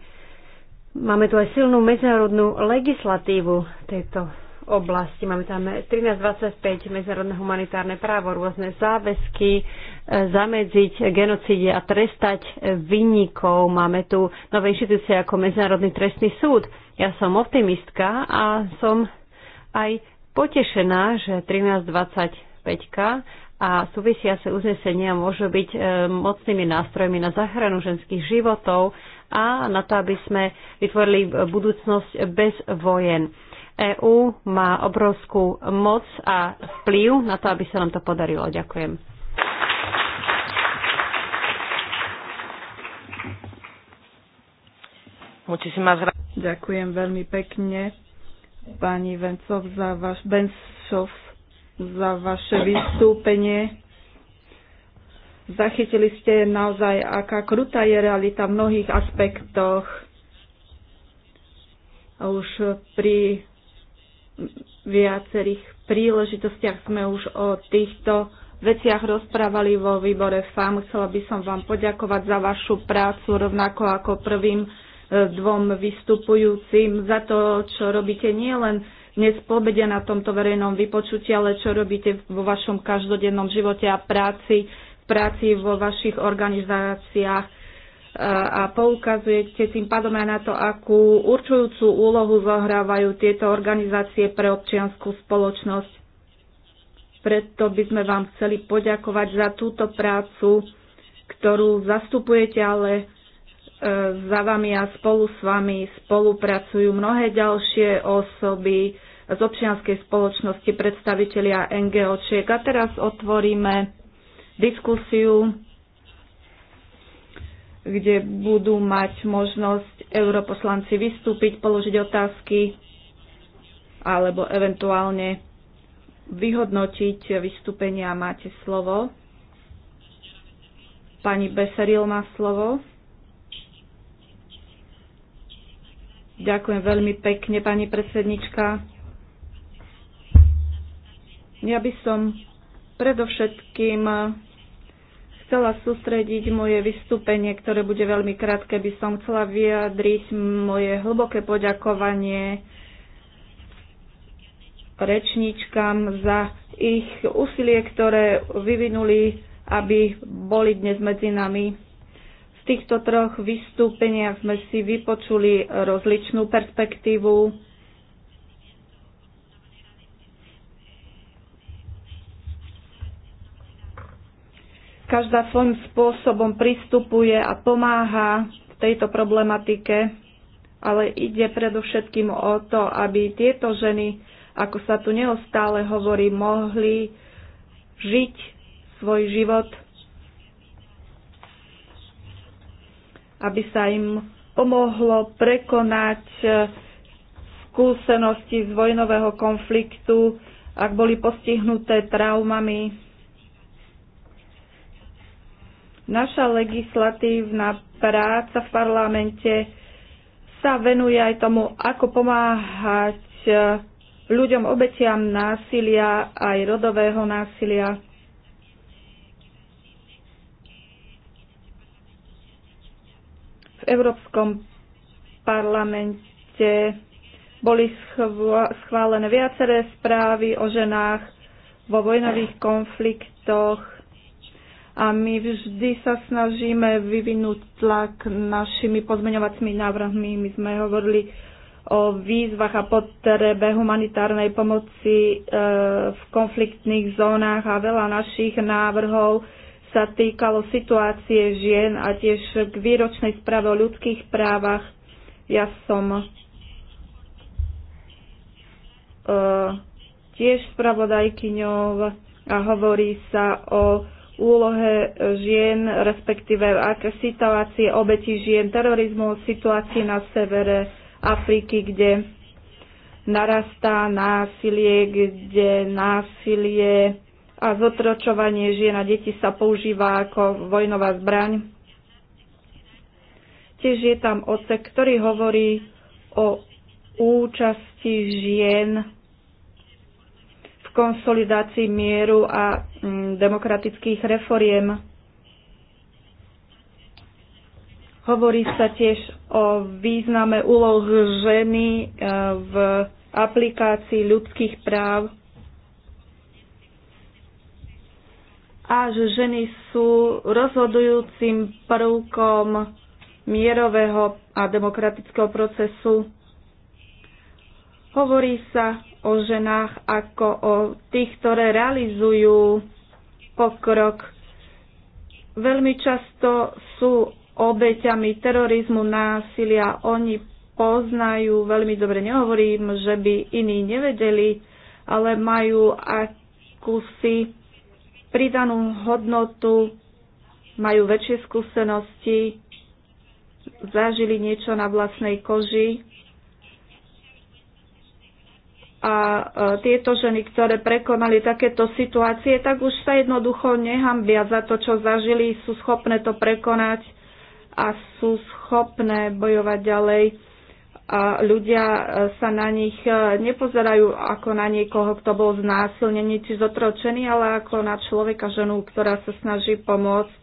máme tu aj silnú medzinárodnú legislatívu tejto oblasti. Máme tam 1325 medzinárodné humanitárne právo, rôzne záväzky, e, zamedziť genocíde a trestať vynikov. Máme tu nové inštitúcie ako Medzinárodný trestný súd. Ja som optimistka a som aj potešená, že 1325 a súvisiace uznesenia môžu byť e, mocnými nástrojmi na záchranu ženských životov a na to, aby sme vytvorili budúcnosť bez vojen. EÚ má obrovskú moc a vplyv na to, aby sa nám to podarilo. Ďakujem. Ďakujem veľmi pekne, pani Vencov, za, vaš, Benzov, za vaše vystúpenie. Zachytili ste naozaj, aká krutá je realita v mnohých aspektoch. A už pri viacerých príležitostiach sme už o týchto veciach rozprávali vo výbore FAM. Chcela by som vám poďakovať za vašu prácu, rovnako ako prvým dvom vystupujúcim za to, čo robíte nielen dnes po obede na tomto verejnom vypočutí, ale čo robíte vo vašom každodennom živote a práci, práci vo vašich organizáciách a poukazujete tým pádom aj na to, akú určujúcu úlohu zohrávajú tieto organizácie pre občianskú spoločnosť. Preto by sme vám chceli poďakovať za túto prácu, ktorú zastupujete, ale E, za vami a spolu s vami spolupracujú mnohé ďalšie osoby z občianskej spoločnosti, predstavitelia NGOčiek. A teraz otvoríme diskusiu, kde budú mať možnosť europoslanci vystúpiť, položiť otázky alebo eventuálne vyhodnotiť vystúpenia. Máte slovo. Pani Beseril má slovo. Ďakujem veľmi pekne, pani predsednička. Ja by som predovšetkým chcela sústrediť moje vystúpenie, ktoré bude veľmi krátke. By som chcela vyjadriť moje hlboké poďakovanie rečníčkam za ich úsilie, ktoré vyvinuli, aby boli dnes medzi nami týchto troch vystúpeniach sme si vypočuli rozličnú perspektívu. Každá svojím spôsobom pristupuje a pomáha v tejto problematike, ale ide predovšetkým o to, aby tieto ženy, ako sa tu neostále hovorí, mohli žiť svoj život aby sa im pomohlo prekonať e, skúsenosti z vojnového konfliktu, ak boli postihnuté traumami. Naša legislatívna práca v parlamente sa venuje aj tomu, ako pomáhať e, ľuďom obetiam násilia, aj rodového násilia. Európskom parlamente boli schválené viaceré správy o ženách vo vojnových konfliktoch a my vždy sa snažíme vyvinúť tlak našimi pozmeňovacími návrhmi. My sme hovorili o výzvach a potrebe humanitárnej pomoci e, v konfliktných zónach a veľa našich návrhov sa týkalo situácie žien a tiež k výročnej správe o ľudských právach. Ja som uh, tiež spravodajkyňou a hovorí sa o úlohe žien, respektíve aké situácie obeti žien terorizmu, situácii na severe Afriky, kde narastá násilie, kde násilie a zotročovanie žien a detí sa používa ako vojnová zbraň. Tiež je tam odsek, ktorý hovorí o účasti žien v konsolidácii mieru a mm, demokratických reforiem. Hovorí sa tiež o význame úloh ženy e, v aplikácii ľudských práv a že ženy sú rozhodujúcim prvkom mierového a demokratického procesu. Hovorí sa o ženách ako o tých, ktoré realizujú pokrok. Veľmi často sú obeťami terorizmu, násilia. Oni poznajú veľmi dobre. Nehovorím, že by iní nevedeli, ale majú akúsi pridanú hodnotu, majú väčšie skúsenosti, zažili niečo na vlastnej koži. A e, tieto ženy, ktoré prekonali takéto situácie, tak už sa jednoducho nehambia za to, čo zažili, sú schopné to prekonať a sú schopné bojovať ďalej a ľudia e, sa na nich e, nepozerajú ako na niekoho, kto bol znásilnený či zotročený, ale ako na človeka, ženu, ktorá sa snaží pomôcť.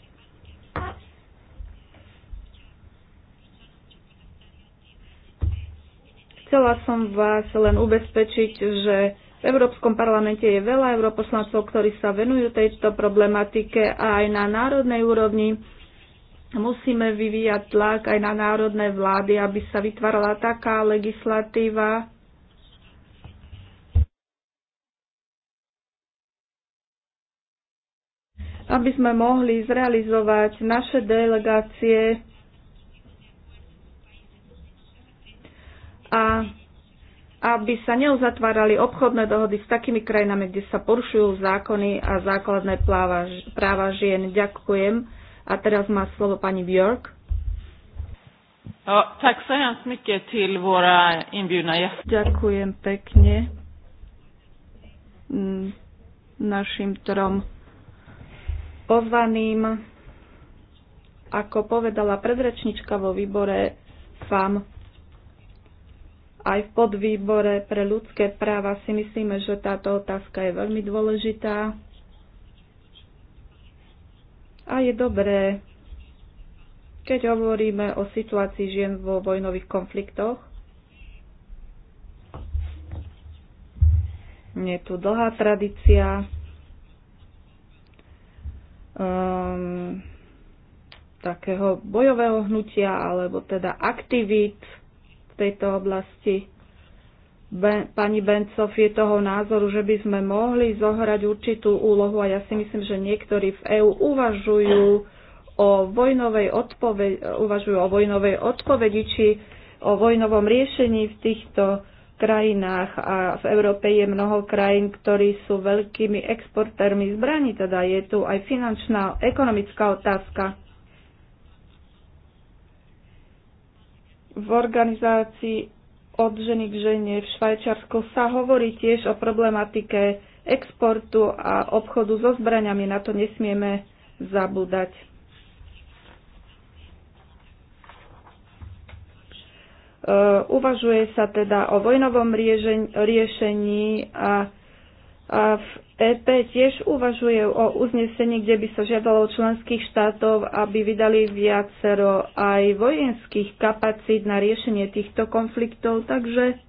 Chcela som vás len ubezpečiť, že v Európskom parlamente je veľa europoslancov, ktorí sa venujú tejto problematike a aj na národnej úrovni Musíme vyvíjať tlak aj na národné vlády, aby sa vytvárala taká legislatíva, aby sme mohli zrealizovať naše delegácie a aby sa neuzatvárali obchodné dohody s takými krajinami, kde sa porušujú zákony a základné práva, práva žien. Ďakujem. A teraz má slovo pani Björk. Ja, tak sa hemskt smyke til vora inbjudna Ďakujem pekne mm, našim trom pozvaným. Ako povedala predrečnička vo výbore FAM, aj v podvýbore pre ľudské práva si myslíme, že táto otázka je veľmi dôležitá a je dobré, keď hovoríme o situácii žien vo vojnových konfliktoch, je tu dlhá tradícia. Um, takého bojového hnutia alebo teda aktivít v tejto oblasti pani Bencov je toho názoru, že by sme mohli zohrať určitú úlohu a ja si myslím, že niektorí v EÚ uvažujú o vojnovej odpovedi, uvažujú o vojnovej odpovedi či o vojnovom riešení v týchto krajinách a v Európe je mnoho krajín, ktorí sú veľkými exportérmi zbraní, teda je tu aj finančná, ekonomická otázka. v organizácii od ženy k žene v Švajčiarsku sa hovorí tiež o problematike exportu a obchodu so zbraniami. Na to nesmieme zabúdať. E, uvažuje sa teda o vojnovom riešení a, a v EP tiež uvažuje o uznesení, kde by sa žiadalo členských štátov, aby vydali viacero aj vojenských kapacít na riešenie týchto konfliktov, takže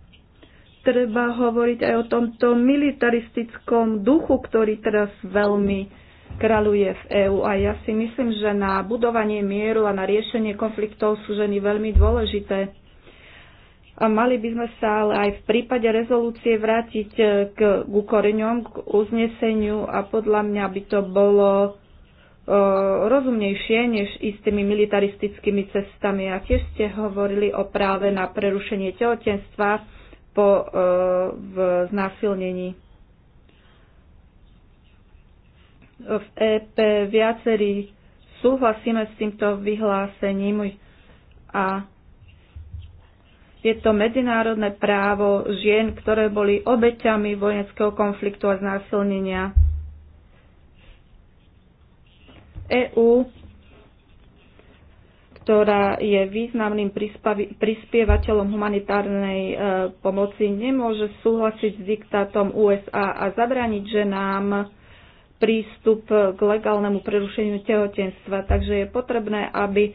treba hovoriť aj o tomto militaristickom duchu, ktorý teraz veľmi kráľuje v EÚ. A ja si myslím, že na budovanie mieru a na riešenie konfliktov sú ženy veľmi dôležité. A mali by sme sa ale aj v prípade rezolúcie vrátiť e, k, k k uzneseniu a podľa mňa by to bolo e, rozumnejšie než istými militaristickými cestami. A tiež ste hovorili o práve na prerušenie tehotenstva po, e, v znásilnení. V EP viacerí súhlasíme s týmto vyhlásením a je to medzinárodné právo žien, ktoré boli obeťami vojenského konfliktu a znásilnenia. EÚ, ktorá je významným prispievateľom humanitárnej e, pomoci, nemôže súhlasiť s diktátom USA a zabrániť ženám prístup k legálnemu prerušeniu tehotenstva. Takže je potrebné, aby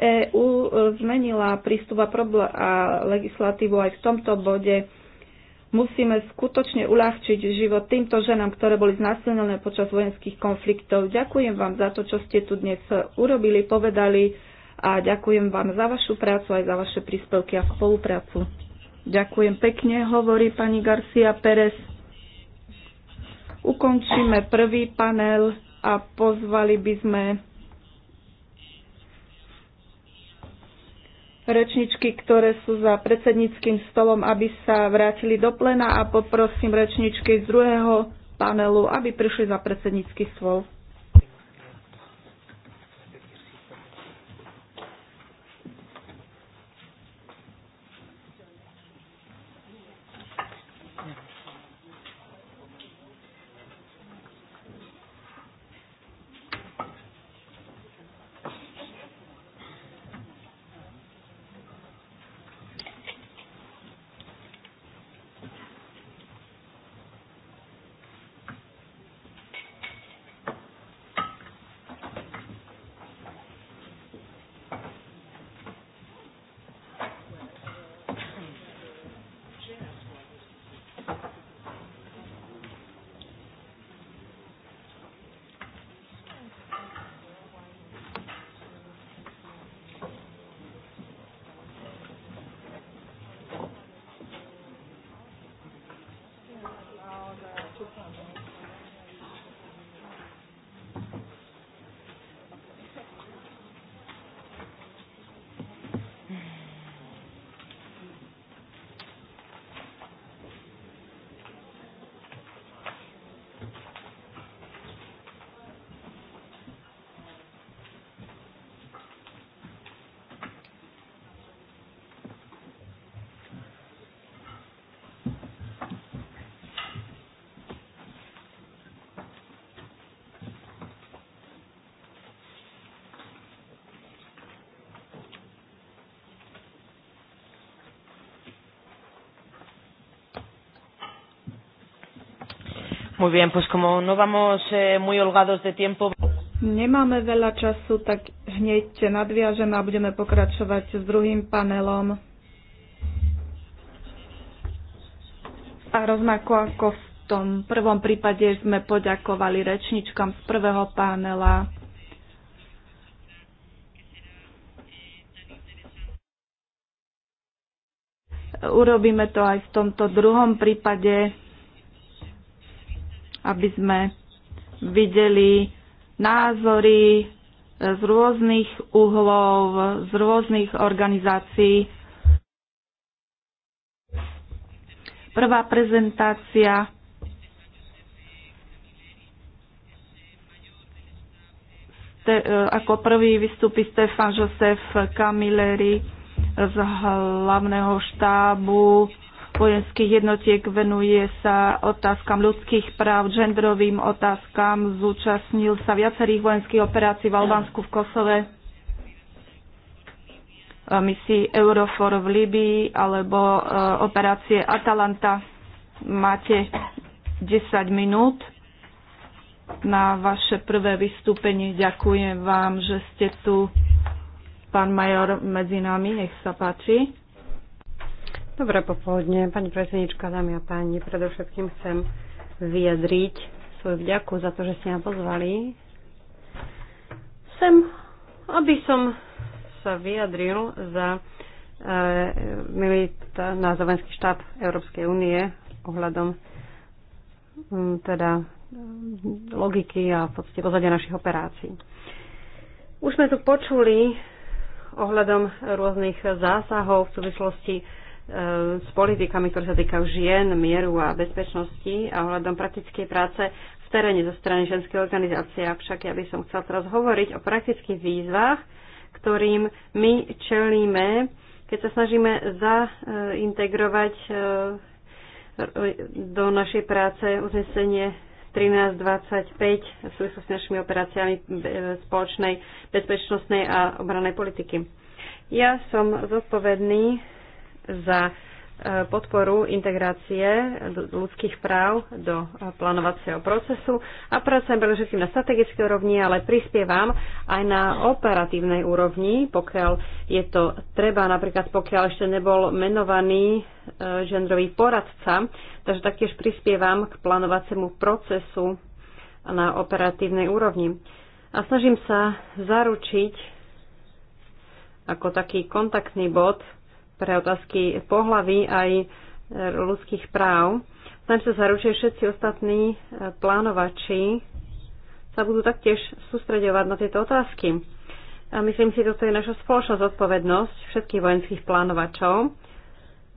EÚ e, zmenila prístup a, a legislatívu aj v tomto bode. Musíme skutočne uľahčiť život týmto ženám, ktoré boli znásilnené počas vojenských konfliktov. Ďakujem vám za to, čo ste tu dnes e, urobili, povedali a ďakujem vám za vašu prácu aj za vaše príspevky a spoluprácu. Ďakujem pekne, hovorí pani Garcia Pérez. Ukončíme prvý panel a pozvali by sme rečničky, ktoré sú za predsedníckým stolom, aby sa vrátili do plena a poprosím rečničky z druhého panelu, aby prišli za predsednícky stôl. Muy bien, pues como no vamos eh, muy holgados de tiempo. Nemáme veľa času, tak hneď nadviažeme a budeme pokračovať s druhým panelom. A rovnako ako v tom prvom prípade sme poďakovali rečničkám z prvého panela. Urobíme to aj v tomto druhom prípade aby sme videli názory z rôznych uhlov, z rôznych organizácií. Prvá prezentácia e, ako prvý vystúpi Stefan Josef Camilleri z hlavného štábu vojenských jednotiek, venuje sa otázkam ľudských práv, genderovým otázkam, zúčastnil sa viacerých vojenských operácií v Albánsku, v Kosove, eh, misii Eurofor v Libii alebo eh, operácie Atalanta. Máte 10 minút na vaše prvé vystúpenie. Ďakujem vám, že ste tu, pán major, medzi nami. Nech sa páči. Dobré popoludne, pani predsednička, dámy a páni. Predovšetkým chcem vyjadriť svoju vďaku za to, že ste ma pozvali. Sem, aby som sa vyjadril za e, milita na Zovenský štát Európskej únie ohľadom m, teda logiky a v podstate pozadia našich operácií. Už sme tu počuli ohľadom rôznych zásahov v súvislosti s politikami, ktoré sa týkajú žien, mieru a bezpečnosti a ohľadom praktickej práce v teréne zo strany ženskej organizácie. Avšak ja by som chcela teraz hovoriť o praktických výzvach, ktorým my čelíme, keď sa snažíme zaintegrovať e, do našej práce uznesenie 1325 v súvislosti s našimi operáciami e, spoločnej bezpečnostnej a obranej politiky. Ja som zodpovedný za e, podporu integrácie ľudských práv do e, plánovacieho procesu a pracujem predovšetkým na strategickej úrovni, ale prispievam aj na operatívnej úrovni, pokiaľ je to treba, napríklad pokiaľ ešte nebol menovaný e, žendrový poradca, takže taktiež prispievam k plánovaciemu procesu na operatívnej úrovni. A snažím sa zaručiť ako taký kontaktný bod pre otázky pohlavy aj ľudských práv. Snažím sa zaručiť, všetci ostatní e, plánovači sa budú taktiež sústredovať na tieto otázky. A myslím si, toto je naša spoločná zodpovednosť všetkých vojenských plánovačov.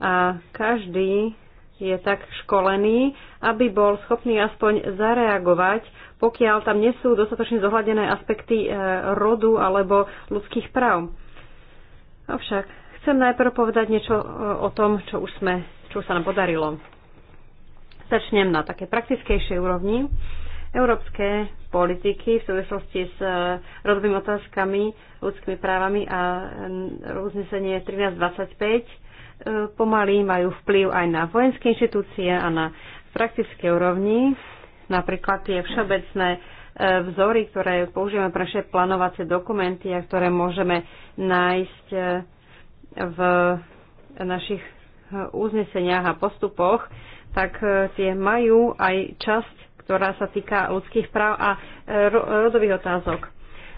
A každý je tak školený, aby bol schopný aspoň zareagovať, pokiaľ tam nie sú dostatočne zohľadené aspekty e, rodu alebo ľudských práv. Avšak Chcem najprv povedať niečo e, o tom, čo už sme, čo už sa nám podarilo. Začnem na také praktickejšej úrovni. Európske politiky v súvislosti s e, rodovými otázkami, ľudskými právami a uznesenie e, 1325 pomaly majú vplyv aj na vojenské inštitúcie a na praktické úrovni. Napríklad tie všeobecné vzory, ktoré používame pre naše plánovacie dokumenty a ktoré môžeme nájsť v našich eh, uzneseniach a postupoch, tak eh, tie majú aj časť, ktorá sa týka ľudských práv a eh, rodových otázok.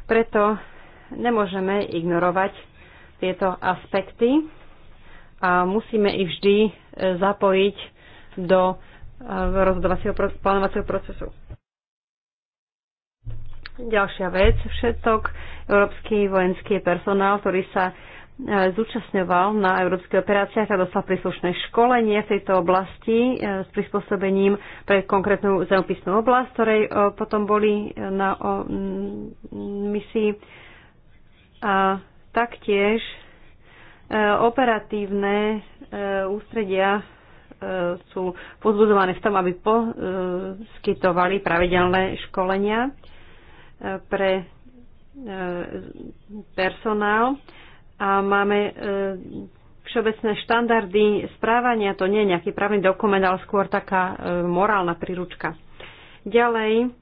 Preto nemôžeme ignorovať tieto aspekty a musíme ich vždy zapojiť do rozhodovacieho plánovacieho procesu. Ďalšia vec, všetok európsky vojenský personál, ktorý sa E, zúčastňoval na európskych operáciách a dostal príslušné školenie v tejto oblasti e, s prispôsobením pre konkrétnu zemopisnú oblasť, ktorej e, potom boli na misii. A taktiež operatívne ústredia sú pozbudované v tom, aby poskytovali pravidelné školenia pre personál a máme e, všeobecné štandardy správania. To nie je nejaký právny dokument, ale skôr taká e, morálna príručka. Ďalej,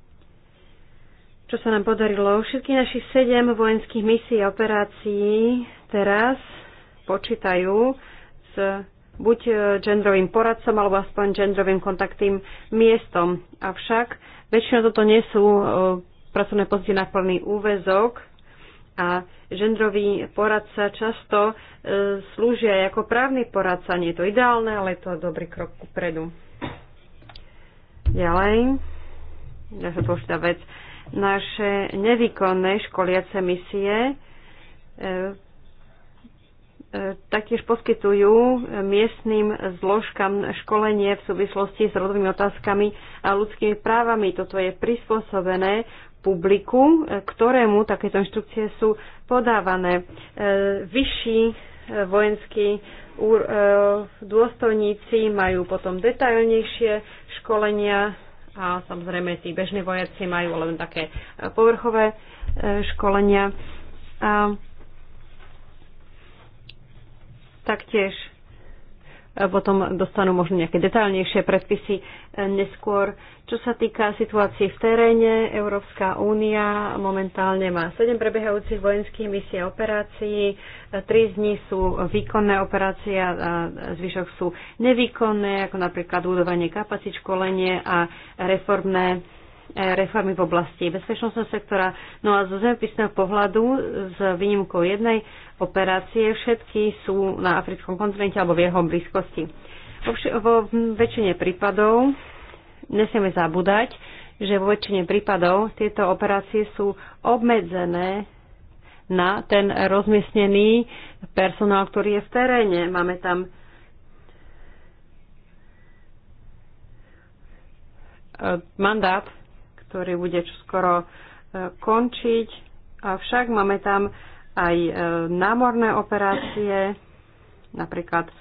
čo sa nám podarilo, všetky naši sedem vojenských misií a operácií teraz počítajú s buď e, genderovým poradcom alebo aspoň genderovým kontaktným miestom. Avšak väčšinou toto nie sú pracovné pozície na plný úvezok, a žendrový poradca často e, slúžia ako právny poradca. Nie je to ideálne, ale je to dobrý krok kupredu. Ďalej, ďalšia dôležitá vec. Naše nevýkonné školiace misie e, e, taktiež poskytujú miestnym zložkám školenie v súvislosti s rodovými otázkami a ľudskými právami. Toto je prispôsobené publiku, e, ktorému takéto inštrukcie sú podávané. E, vyšší e, vojenskí dôstojníci majú potom detailnejšie školenia a samozrejme tí bežní vojaci majú len také povrchové školenia. A taktiež potom dostanú možno nejaké detaľnejšie predpisy e, neskôr. Čo sa týka situácií v teréne, Európska únia momentálne má 7 prebiehajúcich vojenských misií a operácií, 3 e, z nich sú výkonné operácie a zvyšok sú nevýkonné, ako napríklad budovanie kapacit, školenie a reformné Eh, reformy v oblasti bezpečnostného sektora. No a zo zemepisného pohľadu, s výnimkou jednej operácie, všetky sú na africkom kontinente alebo v jeho blízkosti. Vo, vo väčšine prípadov nesieme zabúdať, že vo väčšine prípadov tieto operácie sú obmedzené na ten rozmiestnený personál, ktorý je v teréne. Máme tam eh, mandát ktorý bude čoskoro e, končiť. Avšak máme tam aj e, námorné operácie, napríklad e,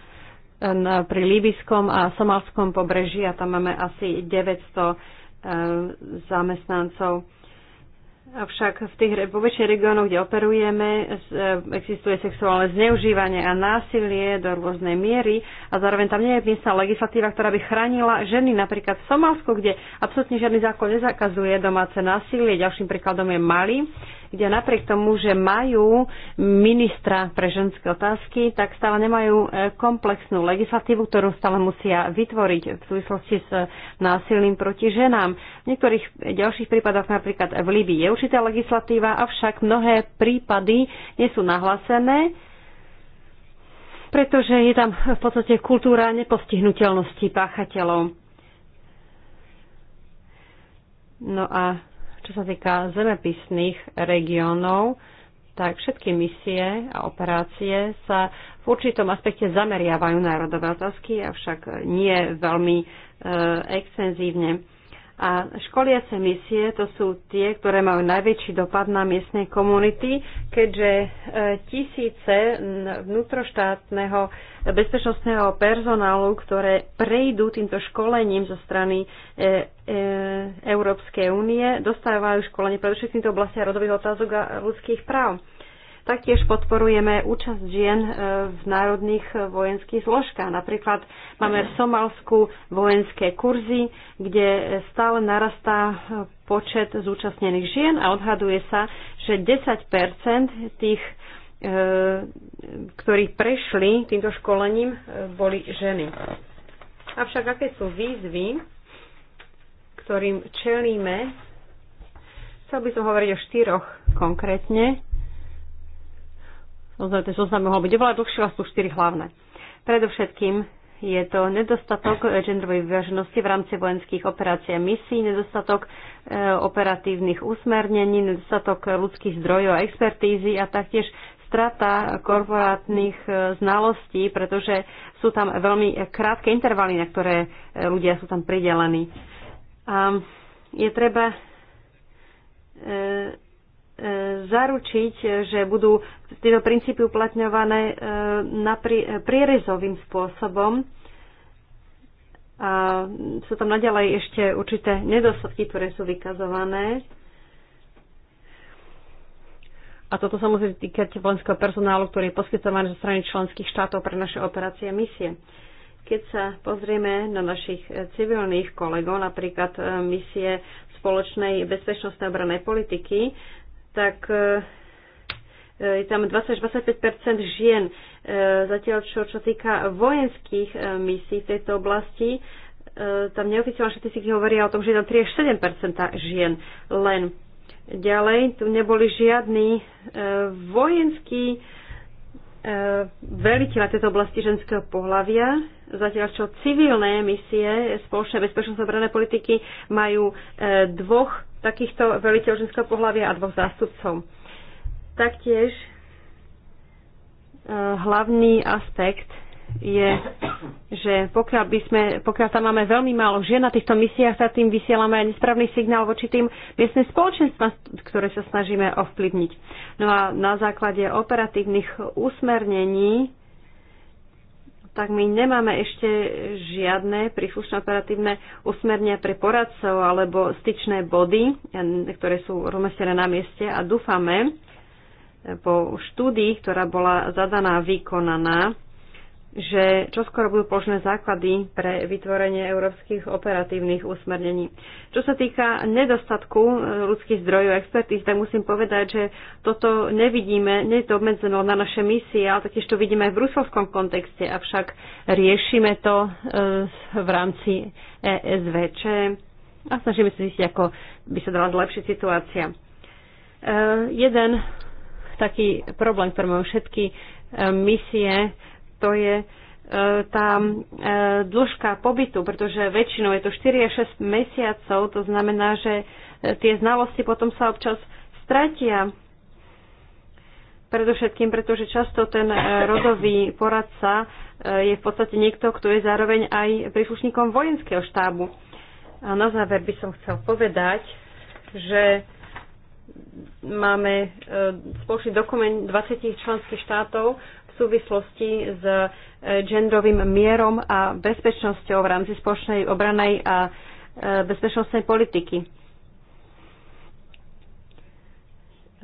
pri Líbyskom a Somalskom pobreží a tam máme asi 900 zamestnancov. Avšak v tých vo väčších regiónoch, kde operujeme, e, existuje sexuálne zneužívanie a násilie do rôznej miery a zároveň tam nie je miestna legislatíva, ktorá by chránila ženy, napríklad v Somálsku, kde absolútne žiadny zákon nezakazuje domáce násilie. Ďalším príkladom je Mali, kde napriek tomu, že majú ministra pre ženské otázky, tak stále nemajú e, komplexnú legislatívu, ktorú stále musia vytvoriť v súvislosti s e, násilným proti ženám. V niektorých e, ďalších prípadoch, napríklad v Líbii, je určitá legislatíva, avšak mnohé prípady nie sú nahlásené, pretože je tam v podstate kultúra nepostihnutelnosti páchateľov. No a čo sa týka zemepisných regiónov, tak všetky misie a operácie sa v určitom aspekte zameriavajú na rodové otázky, avšak nie veľmi e, extenzívne. A školiace misie to sú tie, ktoré majú najväčší dopad na miestne komunity, keďže e, tisíce vnútroštátneho bezpečnostného personálu, ktoré prejdú týmto školením zo strany e, e, Európskej únie, dostávajú školenie predovšetkým v oblasti rodových otázok a ľudských práv. Taktiež podporujeme účasť žien e, v národných e, vojenských zložkách. Napríklad máme v Somalsku vojenské kurzy, kde e, stále narastá počet zúčastnených žien a odhaduje sa, že 10 tých ktorí prešli týmto školením, boli ženy. Avšak aké sú výzvy, ktorým čelíme? Chcel by som hovoriť o štyroch konkrétne. Naozaj ten zoznam mohol byť oveľa dlhší, ale sú štyri hlavné. Predovšetkým je to nedostatok eh, genderovej vyváženosti v rámci vojenských operácií a misií, nedostatok eh, operatívnych usmernení, nedostatok eh, ľudských zdrojov a expertízy a taktiež strata korporátnych znalostí, pretože sú tam veľmi krátke intervaly, na ktoré ľudia sú tam pridelení. A je treba E, zaručiť, že budú tieto princípy uplatňované e, e, prierezovým spôsobom. A sú tam naďalej ešte určité nedostatky, ktoré sú vykazované. A toto sa musí týkať vojenského personálu, ktorý je poskytovaný zo strany členských štátov pre naše operácie a misie. Keď sa pozrieme na našich civilných kolegov, napríklad misie spoločnej bezpečnostnej obranej politiky, tak e, e, je tam 20 25 žien. E, zatiaľ, čo, čo týka vojenských misí v tejto oblasti, tam neoficiálne štatistiky hovoria o tom, že je tam 3 7 žien len. Ďalej, tu neboli žiadni vojenskí veliteľa tejto oblasti ženského pohľavia, zatiaľ čo civilné misie spoločnej bezpečnostnej obrané politiky majú e, dvoch takýchto veliteľov ženského pohľavia a dvoch zástupcov. Taktiež e, hlavný aspekt je, že pokiaľ, by sme, pokiaľ tam máme veľmi málo žien na týchto misiách, sa tým vysielame aj nesprávny signál voči tým miestnym spoločenstvám, ktoré sa snažíme ovplyvniť. No a na základe operatívnych usmernení tak my nemáme ešte žiadne príslušné operatívne usmernia pre poradcov alebo styčné body, ktoré sú rozmestnené na mieste a dúfame po štúdii, ktorá bola zadaná a vykonaná, že čoskoro budú položené základy pre vytvorenie európskych operatívnych usmernení. Čo sa týka nedostatku e, ľudských zdrojov a expertíz, tak musím povedať, že toto nevidíme, nie je to obmedzeno na naše misie, ale taktiež to vidíme aj v rusovskom kontexte, avšak riešime to e, v rámci ESVČ a snažíme sa zistiť, ako by sa dala zlepšiť situácia. E, jeden taký problém, ktorý majú všetky misie, to je e, tá e, dĺžka pobytu, pretože väčšinou je to 4 až 6 mesiacov, to znamená, že e, tie znalosti potom sa občas stratia. Predovšetkým, pretože často ten rodový poradca je v podstate niekto, kto je zároveň aj príslušníkom vojenského štábu. A na záver by som chcel povedať, že máme spoločný dokument 20 členských štátov v súvislosti s e, genderovým mierom a bezpečnosťou v rámci spoločnej obranej a e, bezpečnostnej politiky.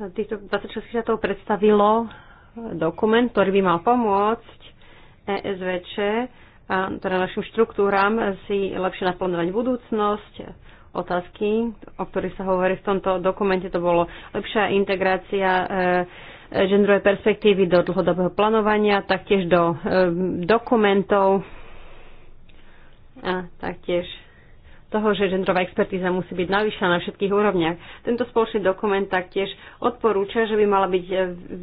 Týchto 26 štátov predstavilo dokument, ktorý by mal pomôcť ESVČ, a teda našim štruktúram, si lepšie naplňovať budúcnosť, otázky, o ktorých sa hovorí v tomto dokumente, to bolo lepšia integrácia e, genderové perspektívy do dlhodobého plánovania, taktiež do e, dokumentov a taktiež toho, že genderová expertíza musí byť navýšená na všetkých úrovniach. Tento spoločný dokument taktiež odporúča, že by mala byť e,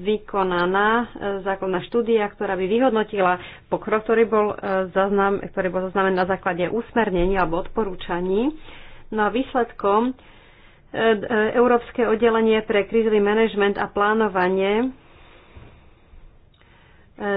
vykonaná e, základná štúdia, ktorá by vyhodnotila pokrok, ktorý bol, zaznam, ktorý bol zaznamen na základe úsmernení alebo odporúčaní. No a výsledkom Európske oddelenie pre krízový manažment a plánovanie e,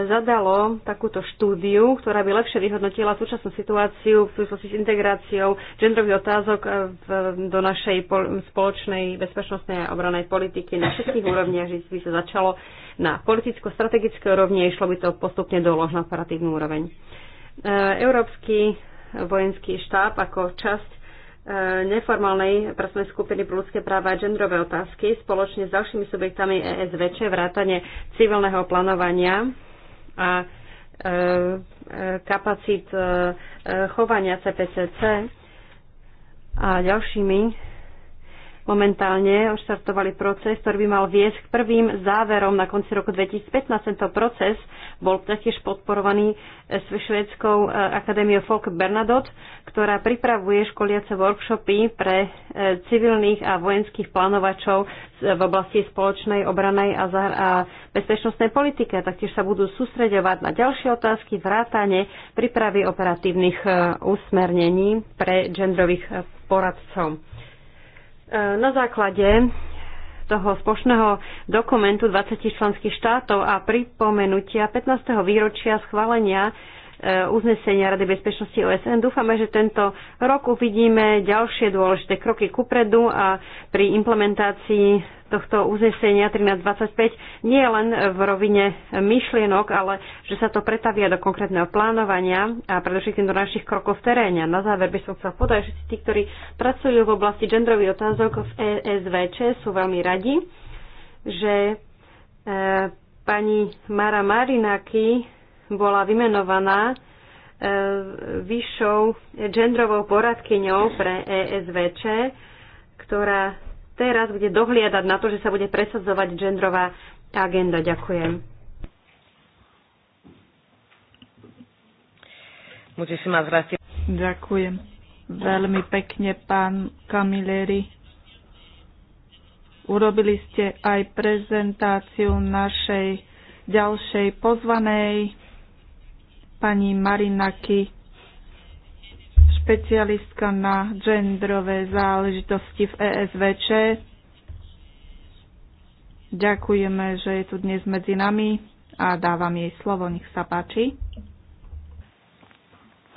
zadalo takúto štúdiu, ktorá by lepšie vyhodnotila súčasnú situáciu v súvislosti s integráciou genderových otázok e, v, do našej pol, spoločnej bezpečnostnej a obranej politiky na všetkých úrovniach, že by sa začalo na politicko-strategické úrovni, išlo by to postupne do na operatívnu úroveň. E, Európsky vojenský štáb ako časť neformálnej pracovnej skupiny pro ľudské práva a genderové otázky spoločne s ďalšími subjektami ESVČ, vrátane civilného plánovania a e, e, kapacít e, chovania CPCC a ďalšími Momentálne oštartovali proces, ktorý by mal viesť k prvým záverom na konci roku 2015. Tento proces bol taktiež podporovaný e, s Švedskou e, akadémiou Folk Bernadotte, ktorá pripravuje školiace workshopy pre e, civilných a vojenských plánovačov v oblasti spoločnej obranej a, a bezpečnostnej politiky. taktiež sa budú sústreďovať na ďalšie otázky vrátane prípravy operatívnych usmernení pre genderových poradcov. Na základe toho spoločného dokumentu 20 členských štátov a pripomenutia 15. výročia schválenia e, uznesenia Rady bezpečnosti OSN. Dúfame, že tento rok uvidíme ďalšie dôležité kroky kupredu a pri implementácii tohto uznesenia 1325 nie len v rovine myšlienok, ale že sa to pretavia do konkrétneho plánovania a predovšetkým do našich krokov v teréne. Na záver by som chcel podať, že tí, ktorí pracujú v oblasti genderových otázok v ESVČ, sú veľmi radi, že e, pani Mara Marinaki bola vymenovaná e, vyššou genderovou poradkyňou pre ESVČ, ktorá teraz bude dohliadať na to, že sa bude presadzovať genderová agenda. Ďakujem. Ďakujem veľmi pekne, pán Kamileri. Urobili ste aj prezentáciu našej ďalšej pozvanej pani Marinaky špecialistka na genderové záležitosti v ESVČ. Ďakujeme, že je tu dnes medzi nami a dávam jej slovo. Nech sa páči.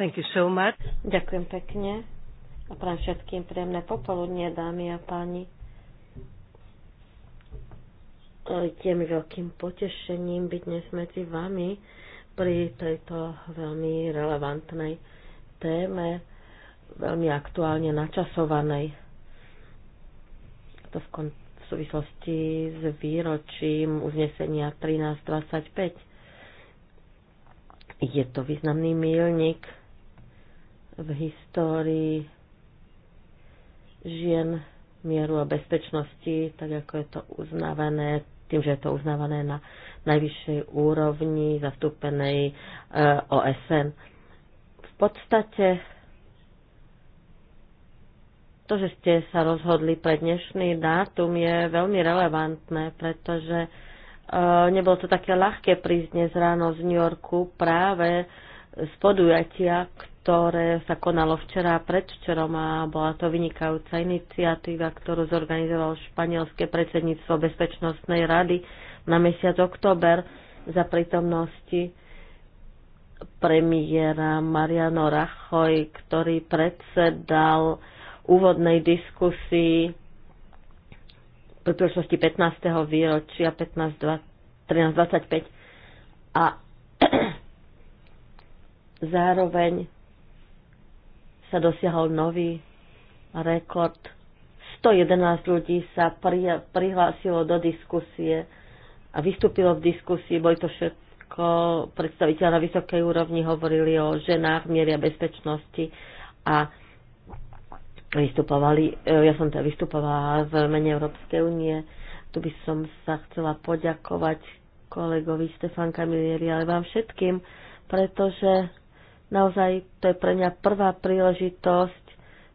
Thank you so much. Ďakujem pekne a prajem všetkým príjemné popoludnie, dámy a páni. Je mi veľkým potešením byť dnes medzi vami pri tejto veľmi relevantnej téme veľmi aktuálne načasovanej. To v, kon- v súvislosti s výročím uznesenia 1325. Je to významný mílnik v histórii žien mieru a bezpečnosti, tak ako je to uznávané, tým, že je to uznávané na najvyššej úrovni zastúpenej e, eh, OSN. V podstate to, že ste sa rozhodli pre dnešný dátum, je veľmi relevantné, pretože e, nebolo to také ľahké prísť dnes ráno z New Yorku práve z podujatia, ktoré sa konalo včera a predvčerom a bola to vynikajúca iniciatíva, ktorú zorganizovalo španielské predsedníctvo Bezpečnostnej rady na mesiac október za prítomnosti premiéra Mariano Rachoj, ktorý predsedal úvodnej diskusii v príležitosti 15. výročia 13.25 a zároveň sa dosiahol nový rekord. 111 ľudí sa pri, prihlásilo do diskusie a vystúpilo v diskusii. Boli to všetko predstaviteľ na vysokej úrovni, hovorili o ženách, mieria bezpečnosti a vystupovali. E, ja som teda vystupovala v mene Európskej únie. Tu by som sa chcela poďakovať kolegovi Stefan Kamilieri, ale vám všetkým, pretože naozaj to je pre mňa prvá príležitosť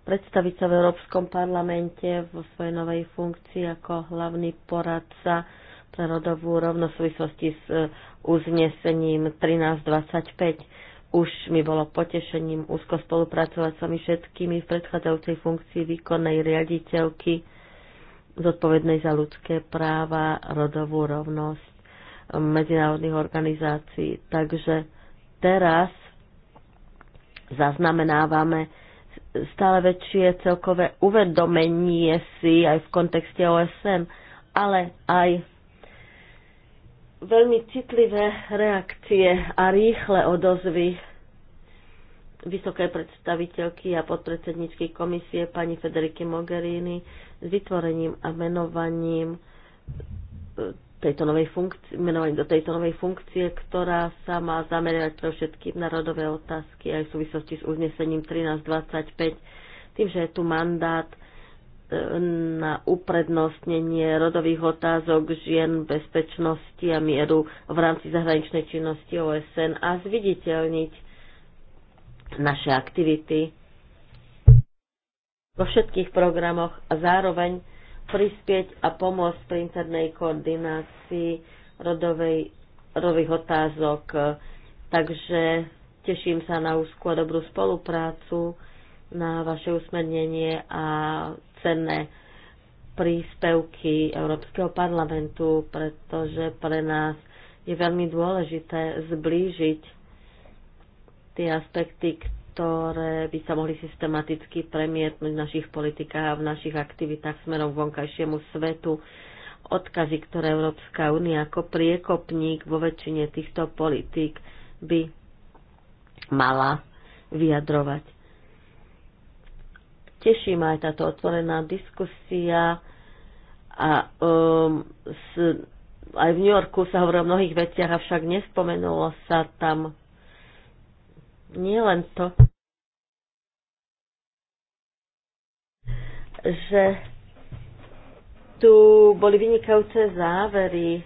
predstaviť sa v Európskom parlamente vo svojej novej funkcii ako hlavný poradca pre rodovú rovnosť v súvislosti s e, uznesením 1325 už mi bolo potešením úzko spolupracovať s vami všetkými v predchádzajúcej funkcii výkonnej riaditeľky zodpovednej za ľudské práva, rodovú rovnosť medzinárodných organizácií. Takže teraz zaznamenávame stále väčšie celkové uvedomenie si aj v kontexte OSN, ale aj veľmi citlivé reakcie a rýchle odozvy vysoké predstaviteľky a podpredsedničky komisie pani Federiky Mogherini s vytvorením a menovaním e, tejto novej funkcie, menovaním do tejto novej funkcie, ktorá sa má zamerať pre všetky národové otázky aj v súvislosti s uznesením 1325, tým, že je tu mandát na uprednostnenie rodových otázok žien, bezpečnosti a mieru v rámci zahraničnej činnosti OSN a zviditeľniť naše aktivity vo všetkých programoch a zároveň prispieť a pomôcť pri internej koordinácii rodovej, rodových otázok. Takže teším sa na úzku a dobrú spoluprácu, na vaše usmernenie a cenné príspevky Európskeho parlamentu, pretože pre nás je veľmi dôležité zblížiť tie aspekty, ktoré by sa mohli systematicky premietnúť v našich politikách a v našich aktivitách smerom k vonkajšiemu svetu. Odkazy, ktoré Európska únia ako priekopník vo väčšine týchto politík by mala vyjadrovať teší ma aj táto otvorená diskusia a um, s, aj v New Yorku sa hovorí o mnohých veciach, avšak nespomenulo sa tam nielen len to, že tu boli vynikajúce závery,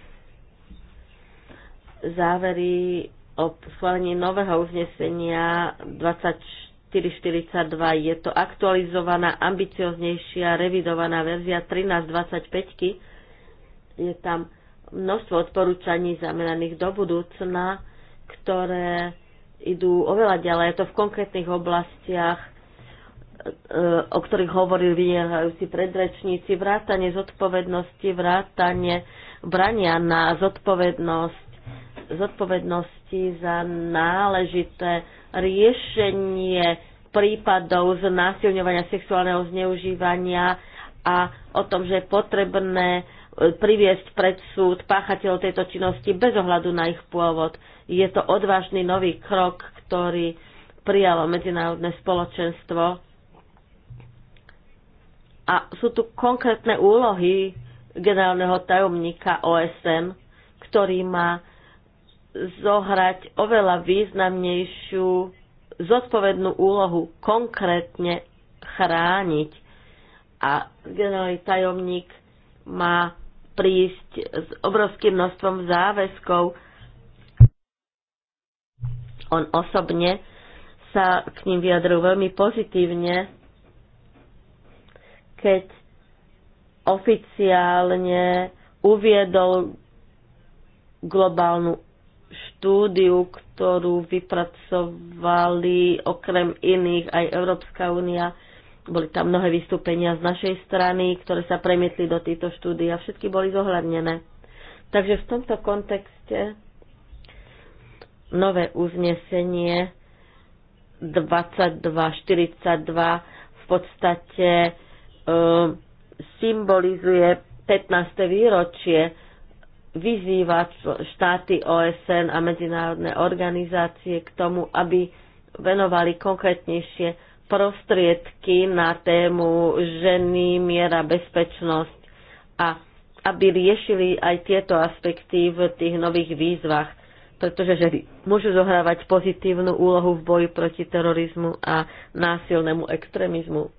závery o schválení nového uznesenia 26. 442 je to aktualizovaná, ambicioznejšia, revidovaná verzia 1325. Je tam množstvo odporúčaní zameraných do budúcna, ktoré idú oveľa ďalej. Je to v konkrétnych oblastiach, e, o ktorých hovorili vyniehajúci predrečníci, vrátanie zodpovednosti, vrátanie brania na zodpovednosť, zodpovednosti za náležité riešenie prípadov znásilňovania, sexuálneho zneužívania a o tom, že je potrebné e, priviesť pred súd páchateľov tejto činnosti bez ohľadu na ich pôvod. Je to odvážny nový krok, ktorý prijalo medzinárodné spoločenstvo. A sú tu konkrétne úlohy generálneho tajomníka OSN, ktorý má zohrať oveľa významnejšiu zodpovednú úlohu konkrétne chrániť. A generálny tajomník má prísť s obrovským množstvom záväzkov. On osobne sa k ním vyjadril veľmi pozitívne, keď oficiálne uviedol globálnu štúdiu, ktorú vypracovali okrem iných aj Európska únia. Boli tam mnohé vystúpenia z našej strany, ktoré sa premietli do týchto štúdií a všetky boli zohľadnené. Takže v tomto kontexte nové uznesenie 2242 v podstate e, symbolizuje 15. výročie vyzývať štáty OSN a medzinárodné organizácie k tomu, aby venovali konkrétnejšie prostriedky na tému ženy, miera, bezpečnosť a aby riešili aj tieto aspekty v tých nových výzvach, pretože ženy môžu zohrávať pozitívnu úlohu v boji proti terorizmu a násilnému extrémizmu.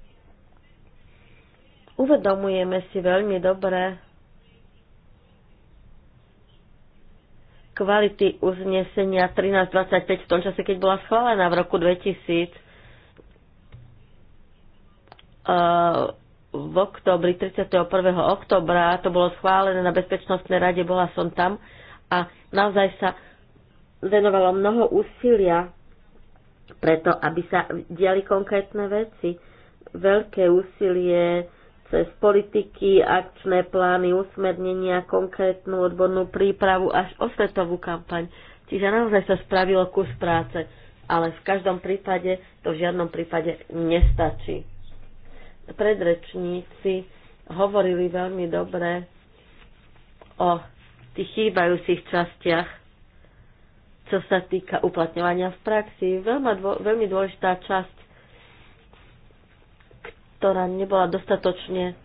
Uvedomujeme si veľmi dobre, kvality uznesenia 1325 v tom čase, keď bola schválená v roku 2000. Eh, v oktobri, 31. oktobra, to bolo schválené na Bezpečnostnej rade, bola som tam a naozaj sa venovalo mnoho úsilia preto, aby sa diali konkrétne veci. Veľké úsilie cez politiky, akčné plány, usmernenia, konkrétnu odbornú prípravu až osvetovú kampaň. Čiže naozaj sa spravilo kus práce, ale v každom prípade to v žiadnom prípade nestačí. Predrečníci hovorili veľmi dobre o tých chýbajúcich častiach, čo sa týka uplatňovania v praxi. Veľmi, dôležitá časť ktorá nebola dostatočne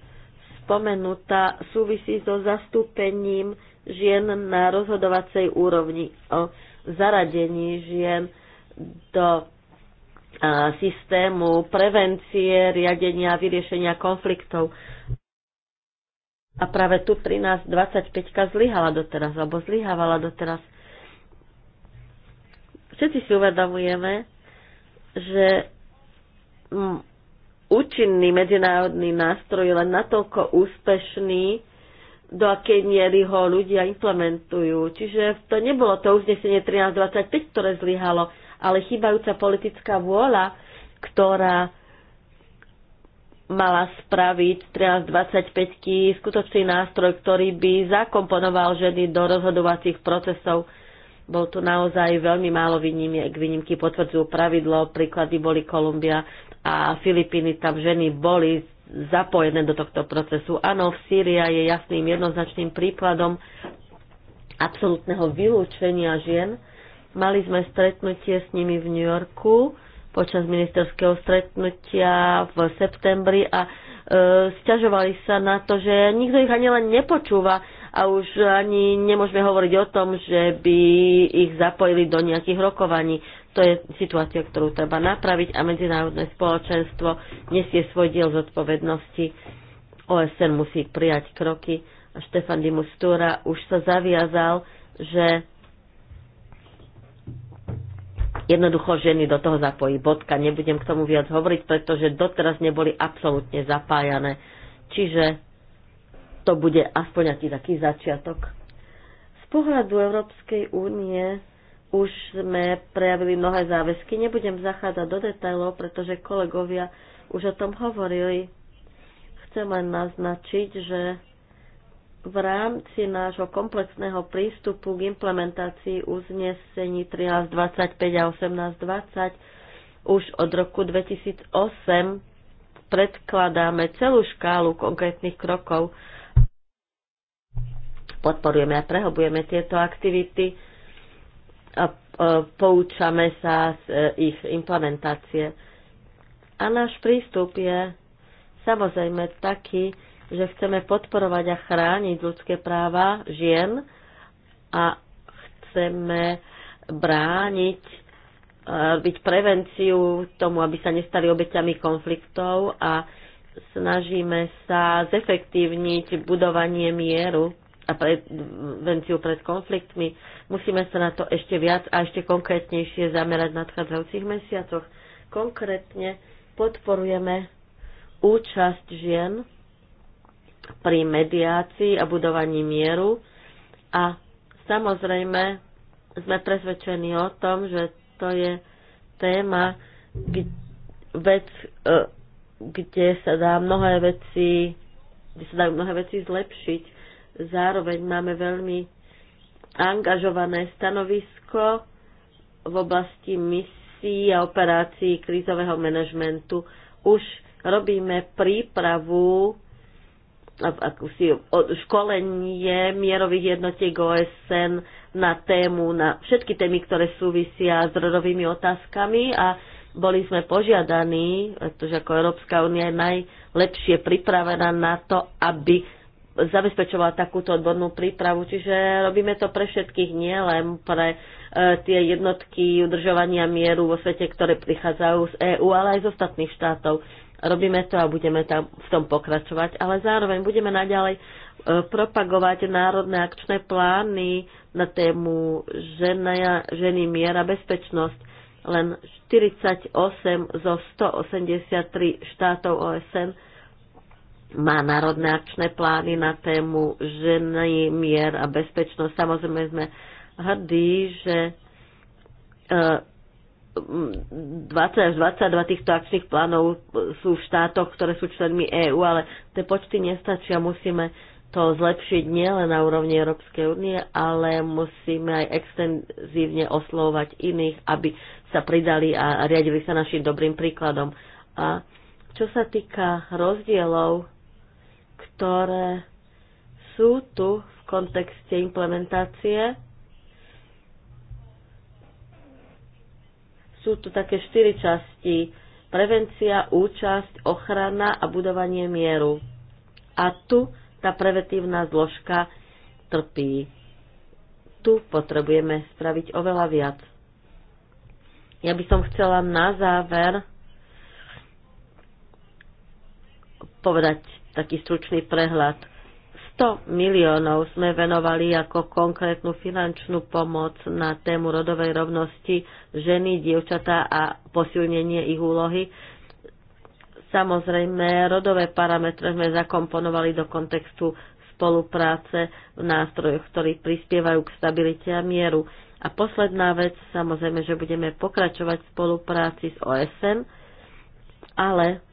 spomenutá, súvisí so zastúpením žien na rozhodovacej úrovni o zaradení žien do systému prevencie, riadenia a vyriešenia konfliktov. A práve tu 1325 zlyhala doteraz, alebo zlyhávala doteraz. Všetci si uvedomujeme, že účinný medzinárodný nástroj len natoľko úspešný, do akej miery ho ľudia implementujú. Čiže to nebolo to uznesenie 1325, ktoré zlyhalo, ale chýbajúca politická vôľa, ktorá mala spraviť 1325 skutočný nástroj, ktorý by zakomponoval ženy do rozhodovacích procesov. Bol tu naozaj veľmi málo výnimiek. Výnimky potvrdzujú pravidlo, príklady boli Kolumbia, a Filipíny tam ženy boli zapojené do tohto procesu. Áno, v Sýria je jasným jednoznačným príkladom absolútneho vylúčenia žien. Mali sme stretnutie s nimi v New Yorku počas ministerského stretnutia v septembri a e, stiažovali sa na to, že nikto ich ani len nepočúva a už ani nemôžeme hovoriť o tom, že by ich zapojili do nejakých rokovaní. To je situácia, ktorú treba napraviť a medzinárodné spoločenstvo nesie svoj diel zodpovednosti. OSN musí prijať kroky a Štefan Dimustúra už sa zaviazal, že jednoducho ženy do toho zapojí. Bodka, nebudem k tomu viac hovoriť, pretože doteraz neboli absolútne zapájané. Čiže to bude aspoň aký taký začiatok. Z pohľadu Európskej únie už sme prejavili mnohé záväzky. Nebudem zachádzať do detailov, pretože kolegovia už o tom hovorili. Chcem len naznačiť, že v rámci nášho komplexného prístupu k implementácii uznesení 1325 a 1820 už od roku 2008 predkladáme celú škálu konkrétnych krokov, podporujeme a prehobujeme tieto aktivity a poučame sa z e, ich implementácie. A náš prístup je samozrejme taký, že chceme podporovať a chrániť ľudské práva žien a chceme brániť, e, byť prevenciu tomu, aby sa nestali obeťami konfliktov a snažíme sa zefektívniť budovanie mieru a prevenciu pred konfliktmi. Musíme sa na to ešte viac a ešte konkrétnejšie zamerať v nadchádzajúcich mesiacoch. Konkrétne podporujeme účasť žien pri mediácii a budovaní mieru a samozrejme sme presvedčení o tom, že to je téma, vec, eh, kde sa dá mnohé veci, kde sa dajú mnohé veci zlepšiť Zároveň máme veľmi angažované stanovisko v oblasti misií a operácií krízového manažmentu. Už robíme prípravu akúsi školenie mierových jednotiek OSN na tému, na všetky témy, ktoré súvisia s rodovými otázkami a boli sme požiadaní, pretože ako Európska únia je najlepšie pripravená na to, aby zabezpečovala takúto odbornú prípravu. Čiže robíme to pre všetkých, nie len pre e, tie jednotky udržovania mieru vo svete, ktoré prichádzajú z EÚ, ale aj z ostatných štátov. Robíme to a budeme tam v tom pokračovať, ale zároveň budeme naďalej e, propagovať národné akčné plány na tému žena, ženy, miera, bezpečnosť. Len 48 zo 183 štátov OSN má národné akčné plány na tému ženy, mier a bezpečnosť. Samozrejme sme hrdí, že 20 e, až 22 týchto akčných plánov e, sú v štátoch, ktoré sú členmi EÚ, ale tie počty nestačia. Musíme to zlepšiť nielen na úrovni Európskej únie, ale musíme aj extenzívne oslovovať iných, aby sa pridali a riadili sa našim dobrým príkladom. A čo sa týka rozdielov ktoré sú tu v kontexte implementácie. Sú tu také štyri časti. Prevencia, účasť, ochrana a budovanie mieru. A tu tá preventívna zložka trpí. Tu potrebujeme spraviť oveľa viac. Ja by som chcela na záver povedať taký stručný prehľad. 100 miliónov sme venovali ako konkrétnu finančnú pomoc na tému rodovej rovnosti ženy, dievčatá a posilnenie ich úlohy. Samozrejme, rodové parametre sme zakomponovali do kontextu spolupráce v nástrojoch, ktorí prispievajú k stabilite a mieru. A posledná vec, samozrejme, že budeme pokračovať v spolupráci s OSN, ale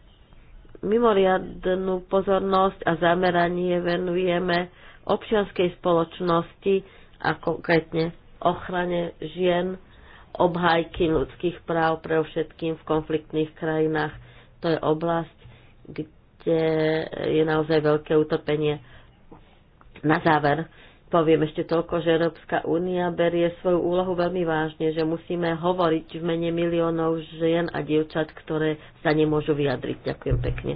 mimoriadnú pozornosť a zameranie venujeme občianskej spoločnosti a konkrétne ochrane žien, obhajky ľudských práv pre všetkým v konfliktných krajinách. To je oblasť, kde je naozaj veľké utopenie. Na záver, Poviem ešte toľko, že Európska únia berie svoju úlohu veľmi vážne, že musíme hovoriť v mene miliónov žien a dievčat, ktoré sa nemôžu vyjadriť. Ďakujem pekne.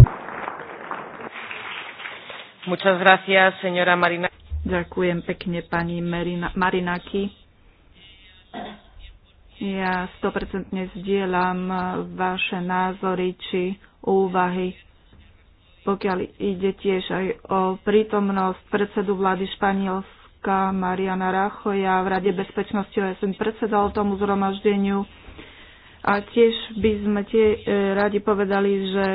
Muchas gracias, señora Marina. Ďakujem pekne pani Marina, Marinaki. Ja 100% zdieľam vaše názory či úvahy pokiaľ ide tiež aj o prítomnosť predsedu vlády Španielska Turecka Mariana Rachoja v Rade bezpečnosti OSN predsedal tomu zhromaždeniu. A tiež by sme tie e, radi povedali, že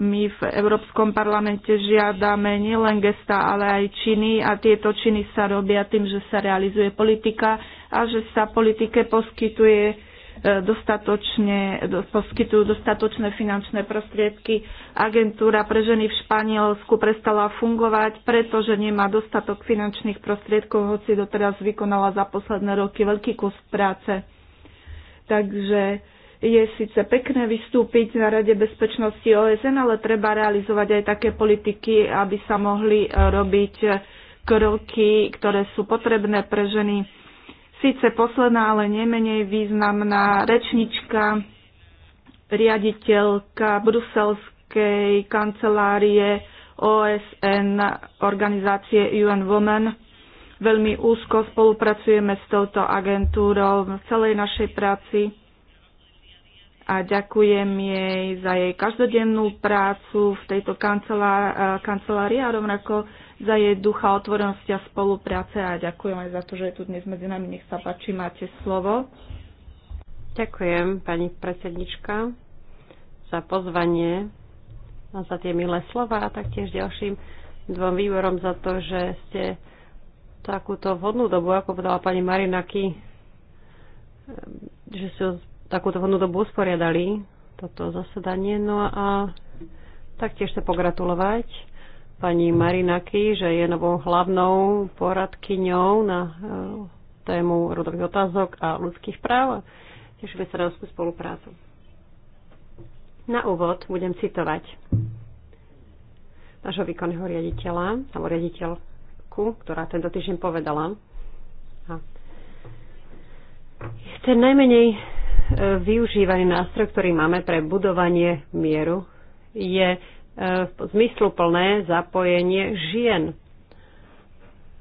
my v Európskom parlamente žiadame nielen gesta, ale aj činy a tieto činy sa robia tým, že sa realizuje politika a že sa politike poskytuje dostatočne, poskytujú dostatočné finančné prostriedky. Agentúra pre ženy v Španielsku prestala fungovať, pretože nemá dostatok finančných prostriedkov, hoci doteraz vykonala za posledné roky veľký kus práce. Takže je síce pekné vystúpiť na Rade bezpečnosti OSN, ale treba realizovať aj také politiky, aby sa mohli e, robiť kroky, ktoré sú potrebné pre ženy síce posledná, ale nemenej významná rečnička, riaditeľka bruselskej kancelárie OSN organizácie UN Women. Veľmi úzko spolupracujeme s touto agentúrou v celej našej práci a ďakujem jej za jej každodennú prácu v tejto kancelárii a rovnako za jej ducha otvorenosti a spolupráce a ďakujem aj za to, že je tu dnes medzi nami. Nech sa páči, máte slovo. Ďakujem, pani predsednička, za pozvanie a za tie milé slova a taktiež ďalším dvom výborom za to, že ste takúto vhodnú dobu, ako povedala pani Marinaky, že ste takúto vhodnú dobu usporiadali toto zasedanie. No a taktiež sa pogratulovať pani Marinaky, že je novou hlavnou poradkyňou na e, tému rodových otázok a ľudských práv. Tešíme sa na spoluprácu. Na úvod budem citovať nášho výkonného riaditeľa, alebo riaditeľku, ktorá tento týždeň povedala. A ten najmenej e, využívaný nástroj, ktorý máme pre budovanie mieru, je zmysluplné zapojenie žien.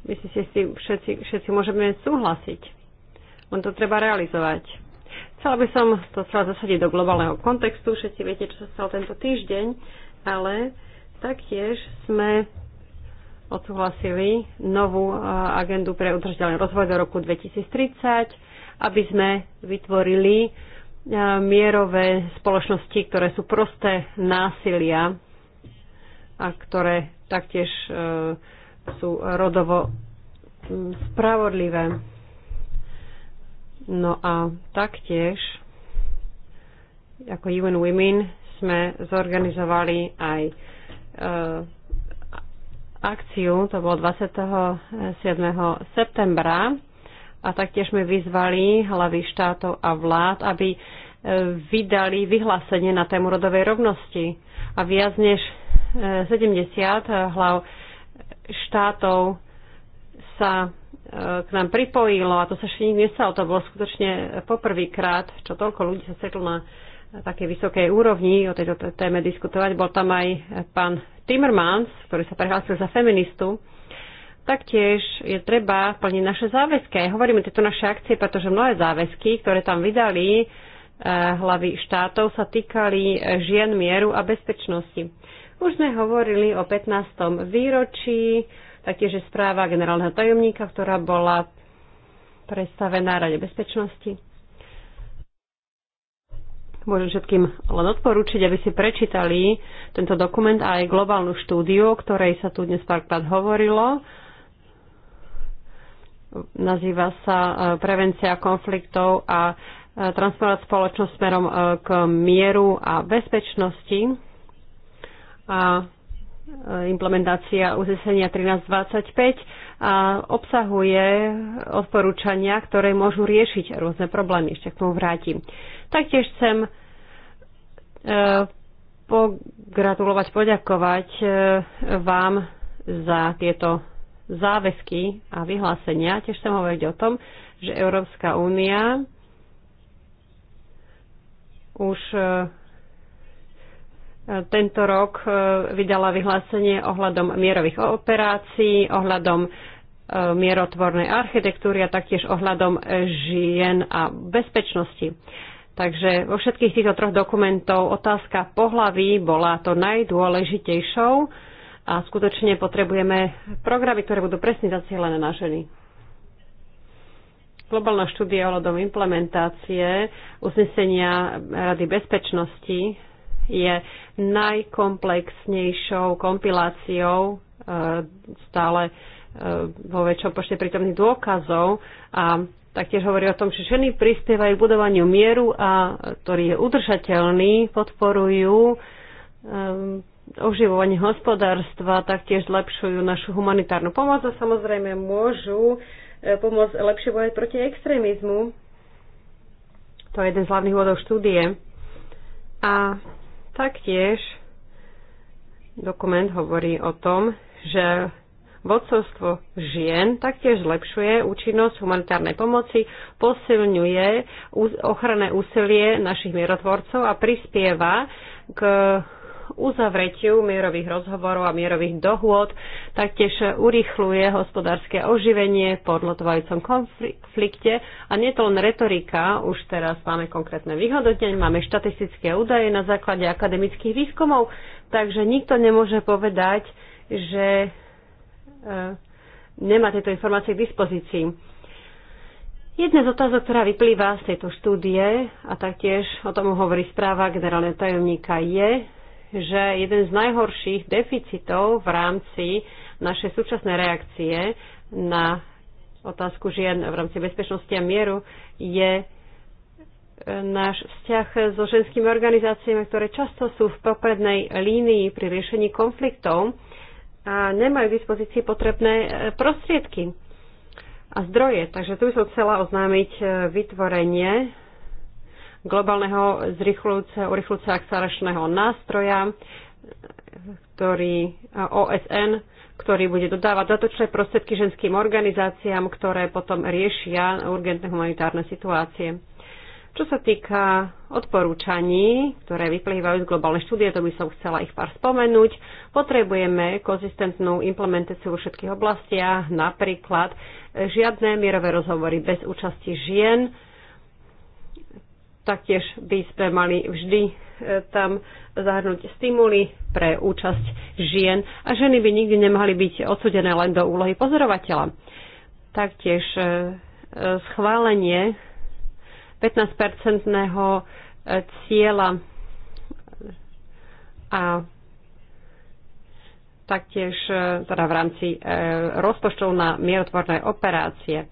Myslím si, si všetci, všetci môžeme súhlasiť. On to treba realizovať. Chcela by som to chcela zasadiť do globálneho kontextu. Všetci viete, čo sa stalo tento týždeň, ale taktiež sme odsúhlasili novú eh, agendu pre udržateľný rozvoj do roku 2030, aby sme vytvorili eh, mierové spoločnosti, ktoré sú prosté násilia a ktoré taktiež e, sú rodovo spravodlivé. No a taktiež ako UN Women sme zorganizovali aj e, akciu, to bolo 27. septembra a taktiež sme vyzvali hlavy štátov a vlád, aby e, vydali vyhlásenie na tému rodovej rovnosti. A viac než 70 hlav štátov sa e, k nám pripojilo a to sa ešte nikdy nestalo. To bolo skutočne poprvýkrát, čo toľko ľudí sa stretlo na takej vysokej úrovni o tejto téme diskutovať. Bol tam aj pán Timmermans, ktorý sa prehlásil za feministu. Taktiež je treba plniť naše záväzky. Hovoríme tieto naše akcie, pretože mnohé záväzky, ktoré tam vydali e, hlavy štátov, sa týkali žien mieru a bezpečnosti. Už sme hovorili o 15. výročí, taktiež je správa generálneho tajomníka, ktorá bola predstavená Rade bezpečnosti. Môžem všetkým len odporúčiť, aby si prečítali tento dokument a aj globálnu štúdiu, o ktorej sa tu dnes párkrát hovorilo. Nazýva sa e, Prevencia konfliktov a e, transformovať spoločnosť smerom e, k mieru a bezpečnosti a e, implementácia uznesenia 1325 a obsahuje odporúčania, ktoré môžu riešiť rôzne problémy. Ešte k tomu vrátim. Taktiež chcem e, pogratulovať, poďakovať e, vám za tieto záväzky a vyhlásenia. Tiež chcem hovoriť o tom, že Európska únia už tento rok e, vydala vyhlásenie ohľadom mierových operácií, ohľadom e, mierotvornej architektúry a taktiež ohľadom žien a bezpečnosti. Takže vo všetkých týchto troch dokumentov otázka pohlaví bola to najdôležitejšou a skutočne potrebujeme programy, ktoré budú presne zacielené na ženy. Globálna štúdia ohľadom implementácie uznesenia Rady bezpečnosti je najkomplexnejšou kompiláciou e, stále e, vo väčšom počte prítomných dôkazov a taktiež hovorí o tom, že ženy prispievajú k budovaniu mieru a ktorý je udržateľný, podporujú e, oživovanie hospodárstva, taktiež zlepšujú našu humanitárnu pomoc a samozrejme môžu pomôcť lepšie bojať proti extrémizmu. To je jeden z hlavných vodov štúdie. A Taktiež dokument hovorí o tom, že vodcovstvo žien taktiež zlepšuje účinnosť humanitárnej pomoci, posilňuje ochranné úsilie našich mierotvorcov a prispieva k uzavretiu mierových rozhovorov a mierových dohôd, taktiež urýchluje hospodárske oživenie po odlotovajúcom konflikte a nie to len retorika, už teraz máme konkrétne vyhodnotenie, máme štatistické údaje na základe akademických výskumov, takže nikto nemôže povedať, že e, nemá tieto informácie k dispozícii. Jedna z otázok, ktorá vyplýva z tejto štúdie a taktiež o tom hovorí správa generálneho tajomníka je, že jeden z najhorších deficitov v rámci našej súčasnej reakcie na otázku žien v rámci bezpečnosti a mieru je e, náš vzťah so ženskými organizáciami, ktoré často sú v poprednej línii pri riešení konfliktov a nemajú k dispozícii potrebné e, prostriedky a zdroje. Takže tu by som chcela oznámiť e, vytvorenie globálneho urychlujúceho akceleračného nástroja, ktorý OSN, ktorý bude dodávať dodatočné prostriedky ženským organizáciám, ktoré potom riešia urgentné humanitárne situácie. Čo sa týka odporúčaní, ktoré vyplývajú z globálnej štúdie, to by som chcela ich pár spomenúť, potrebujeme konzistentnú implementáciu vo všetkých oblastiach, napríklad žiadne mierové rozhovory bez účasti žien, taktiež by sme mali vždy e, tam zahrnúť stimuly pre účasť žien a ženy by nikdy nemali byť odsudené len do úlohy pozorovateľa. Taktiež e, e, schválenie 15-percentného cieľa a taktiež teda v rámci rozpočtov na mierotvorné operácie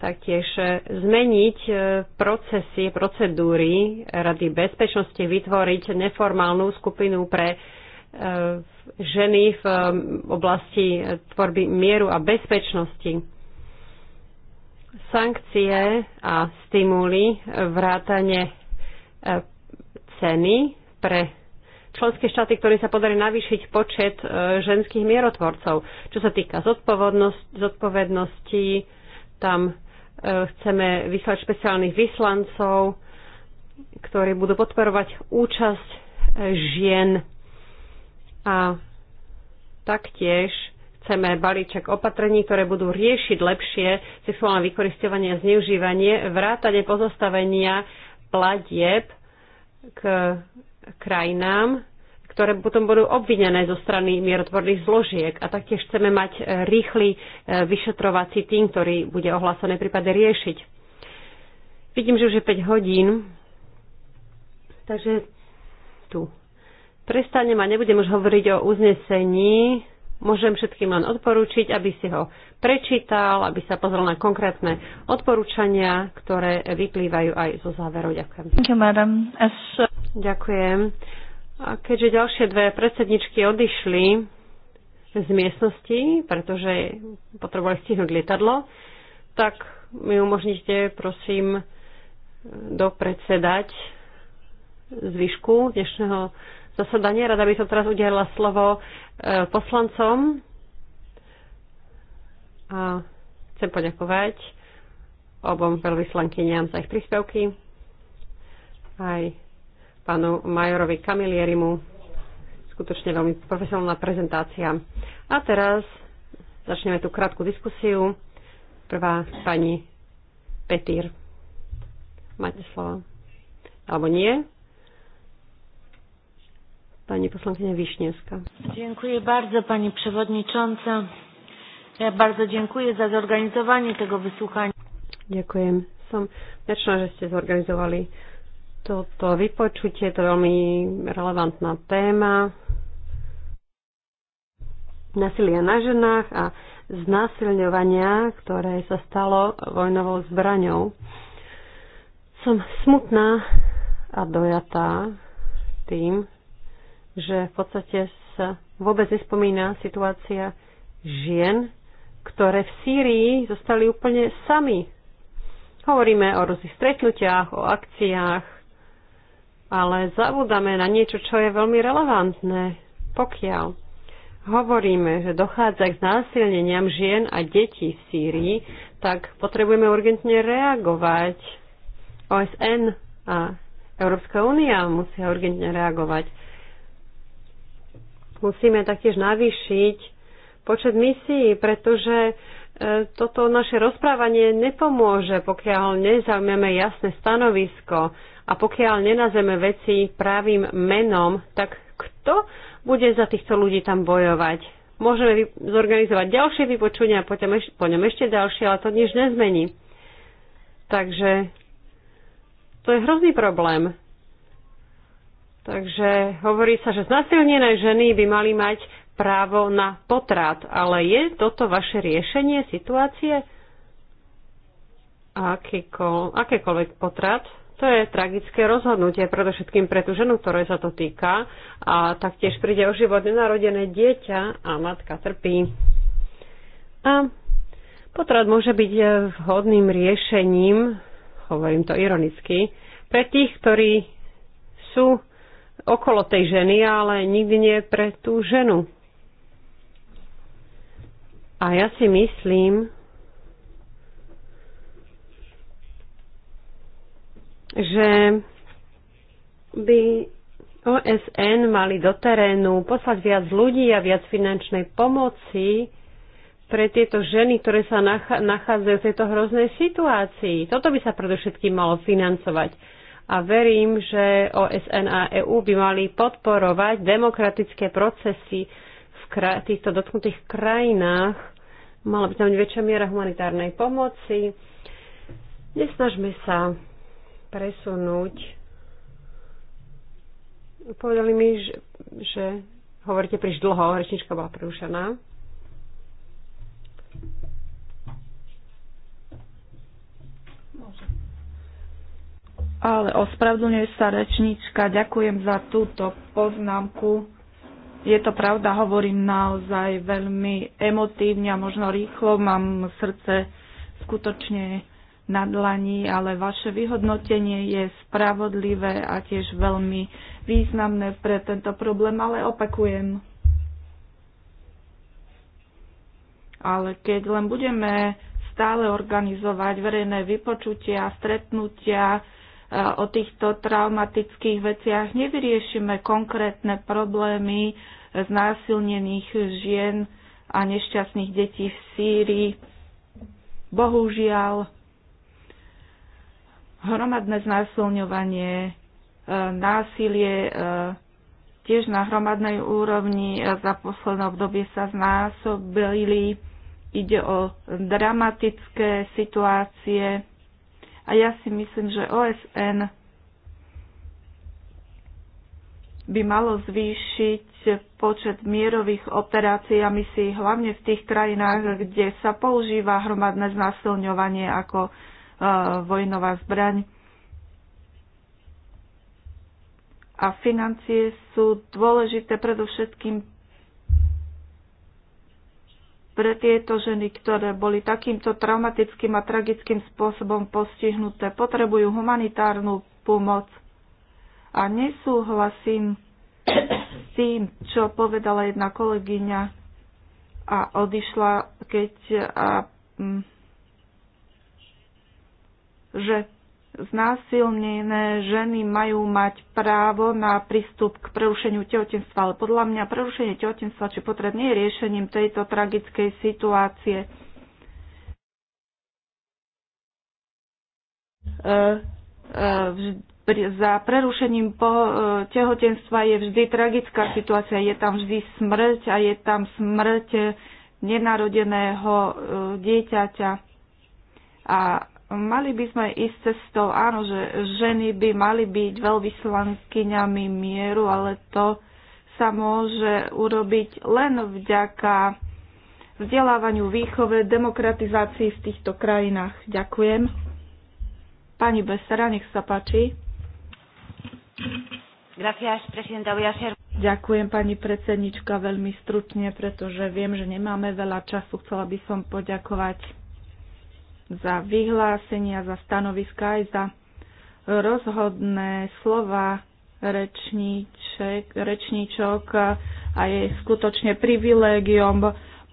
taktiež e, zmeniť e, procesy, procedúry Rady bezpečnosti, vytvoriť neformálnu skupinu pre e, ženy v oblasti tvorby mieru a bezpečnosti. Sankcie a stimuly vrátane ceny pre členské štáty, ktorým sa podarí navýšiť počet ženských mierotvorcov. Čo sa týka zodpovednosti, tam E, chceme vyslať špeciálnych vyslancov, ktorí budú podporovať účasť e, žien a taktiež chceme balíček opatrení, ktoré budú riešiť lepšie sexuálne vykoristovanie a zneužívanie, vrátanie pozostavenia platieb k krajinám, ktoré potom budú obvinené zo strany mierotvorných zložiek. A taktiež chceme mať e, rýchly e, vyšetrovací tým, ktorý bude ohlásené prípade riešiť. Vidím, že už je 5 hodín, takže tu prestanem a nebudem už hovoriť o uznesení. Môžem všetkým len odporúčiť, aby si ho prečítal, aby sa pozrel na konkrétne odporúčania, ktoré vyplývajú aj zo záverov. Ďakujem. Ďakujem. A keďže ďalšie dve predsedničky odišli z miestnosti, pretože potrebovali stihnúť lietadlo, tak mi umožnite, prosím, dopredsedať zvyšku dnešného zasadania. Rada by som teraz udelila slovo e, poslancom. A chcem poďakovať obom veľvyslankyniam za ich príspevky, aj pánu Majorovi Kamilierimu. Skutočne veľmi profesionálna prezentácia. A teraz začneme tú krátku diskusiu. Prvá pani Petír. Máte slovo. Alebo nie? Pani poslankyňa Wiśniewska. Dziękuję bardzo Pani Przewodnicząca. Ja bardzo dziękuję za zorganizowanie tego wysłuchania. Dziękuję. Som wdzięczna, že ste toto vypočutie, to je veľmi relevantná téma. Nasilia na ženách a znásilňovania, ktoré sa stalo vojnovou zbraňou. Som smutná a dojatá tým, že v podstate sa vôbec nespomína situácia žien, ktoré v Sýrii zostali úplne sami. Hovoríme o rôznych stretnutiach, o akciách, ale zabudáme na niečo, čo je veľmi relevantné. Pokiaľ hovoríme, že dochádza k znásilneniam žien a detí v Sýrii, tak potrebujeme urgentne reagovať. OSN a Európska únia musia urgentne reagovať. Musíme taktiež navýšiť počet misií, pretože e, toto naše rozprávanie nepomôže, pokiaľ nezaujmeme jasné stanovisko a pokiaľ nenazeme veci právým menom, tak kto bude za týchto ľudí tam bojovať? Môžeme zorganizovať ďalšie vypočúňa a potom eš- po ňom ešte ďalšie, ale to nič nezmení. Takže to je hrozný problém. Takže hovorí sa, že znasilnené ženy by mali mať právo na potrat, ale je toto vaše riešenie situácie? Akýko, akékoľvek potrat? To je tragické rozhodnutie, predovšetkým pre tú ženu, ktorej sa to týka. A taktiež príde o život nenarodené dieťa a matka trpí. A potrat môže byť e, vhodným riešením, hovorím to ironicky, pre tých, ktorí sú okolo tej ženy, ale nikdy nie pre tú ženu. A ja si myslím, že by OSN mali do terénu poslať viac ľudí a viac finančnej pomoci pre tieto ženy, ktoré sa nachádzajú v tejto hroznej situácii. Toto by sa predovšetkým malo financovať. A verím, že OSN a EU by mali podporovať demokratické procesy v týchto dotknutých krajinách. Mala by tam byť väčšia miera humanitárnej pomoci. Nesnažme sa presunúť. Povedali mi, že, že hovoríte príliš dlho, rečnička bola prerušená. Ale ospravedlňuje sa rečníčka. Ďakujem za túto poznámku. Je to pravda, hovorím naozaj veľmi emotívne a možno rýchlo. Mám srdce skutočne na dlani, ale vaše vyhodnotenie je spravodlivé a tiež veľmi významné pre tento problém, ale opakujem. Ale keď len budeme stále organizovať verejné vypočutia, stretnutia e, o týchto traumatických veciach, nevyriešime konkrétne problémy znásilnených žien a nešťastných detí v Sýrii. Bohužiaľ, hromadné znásilňovanie, e, násilie e, tiež na hromadnej úrovni e, za posledné obdobie sa znásobili. Ide o dramatické situácie a ja si myslím, že OSN by malo zvýšiť počet mierových operácií a misií hlavne v tých krajinách, kde sa používa hromadné znásilňovanie ako vojnová zbraň. A financie sú dôležité predovšetkým pre tieto ženy, ktoré boli takýmto traumatickým a tragickým spôsobom postihnuté, potrebujú humanitárnu pomoc. A nesúhlasím s tým, čo povedala jedna kolegyňa a odišla, keď a, mm, že znásilnené ženy majú mať právo na prístup k prerušeniu tehotenstva, ale podľa mňa prerušenie tehotenstva či potrebné nie je riešením tejto tragickej situácie. E, e, za prerušením e, tehotenstva je vždy tragická situácia, je tam vždy smrť a je tam smrť nenarodeného dieťaťa. A mali by sme ísť cestou, áno, že ženy by mali byť veľvyslankyňami mieru, ale to sa môže urobiť len vďaka vzdelávaniu, výchove, demokratizácii v týchto krajinách. Ďakujem. Pani Besera, nech sa páči. Gracias, presidenta. Voy a ser... Ďakujem, pani predsednička, veľmi stručne, pretože viem, že nemáme veľa času. Chcela by som poďakovať za vyhlásenia, za stanoviska aj za rozhodné slova rečníček, rečníčok a je skutočne privilégiom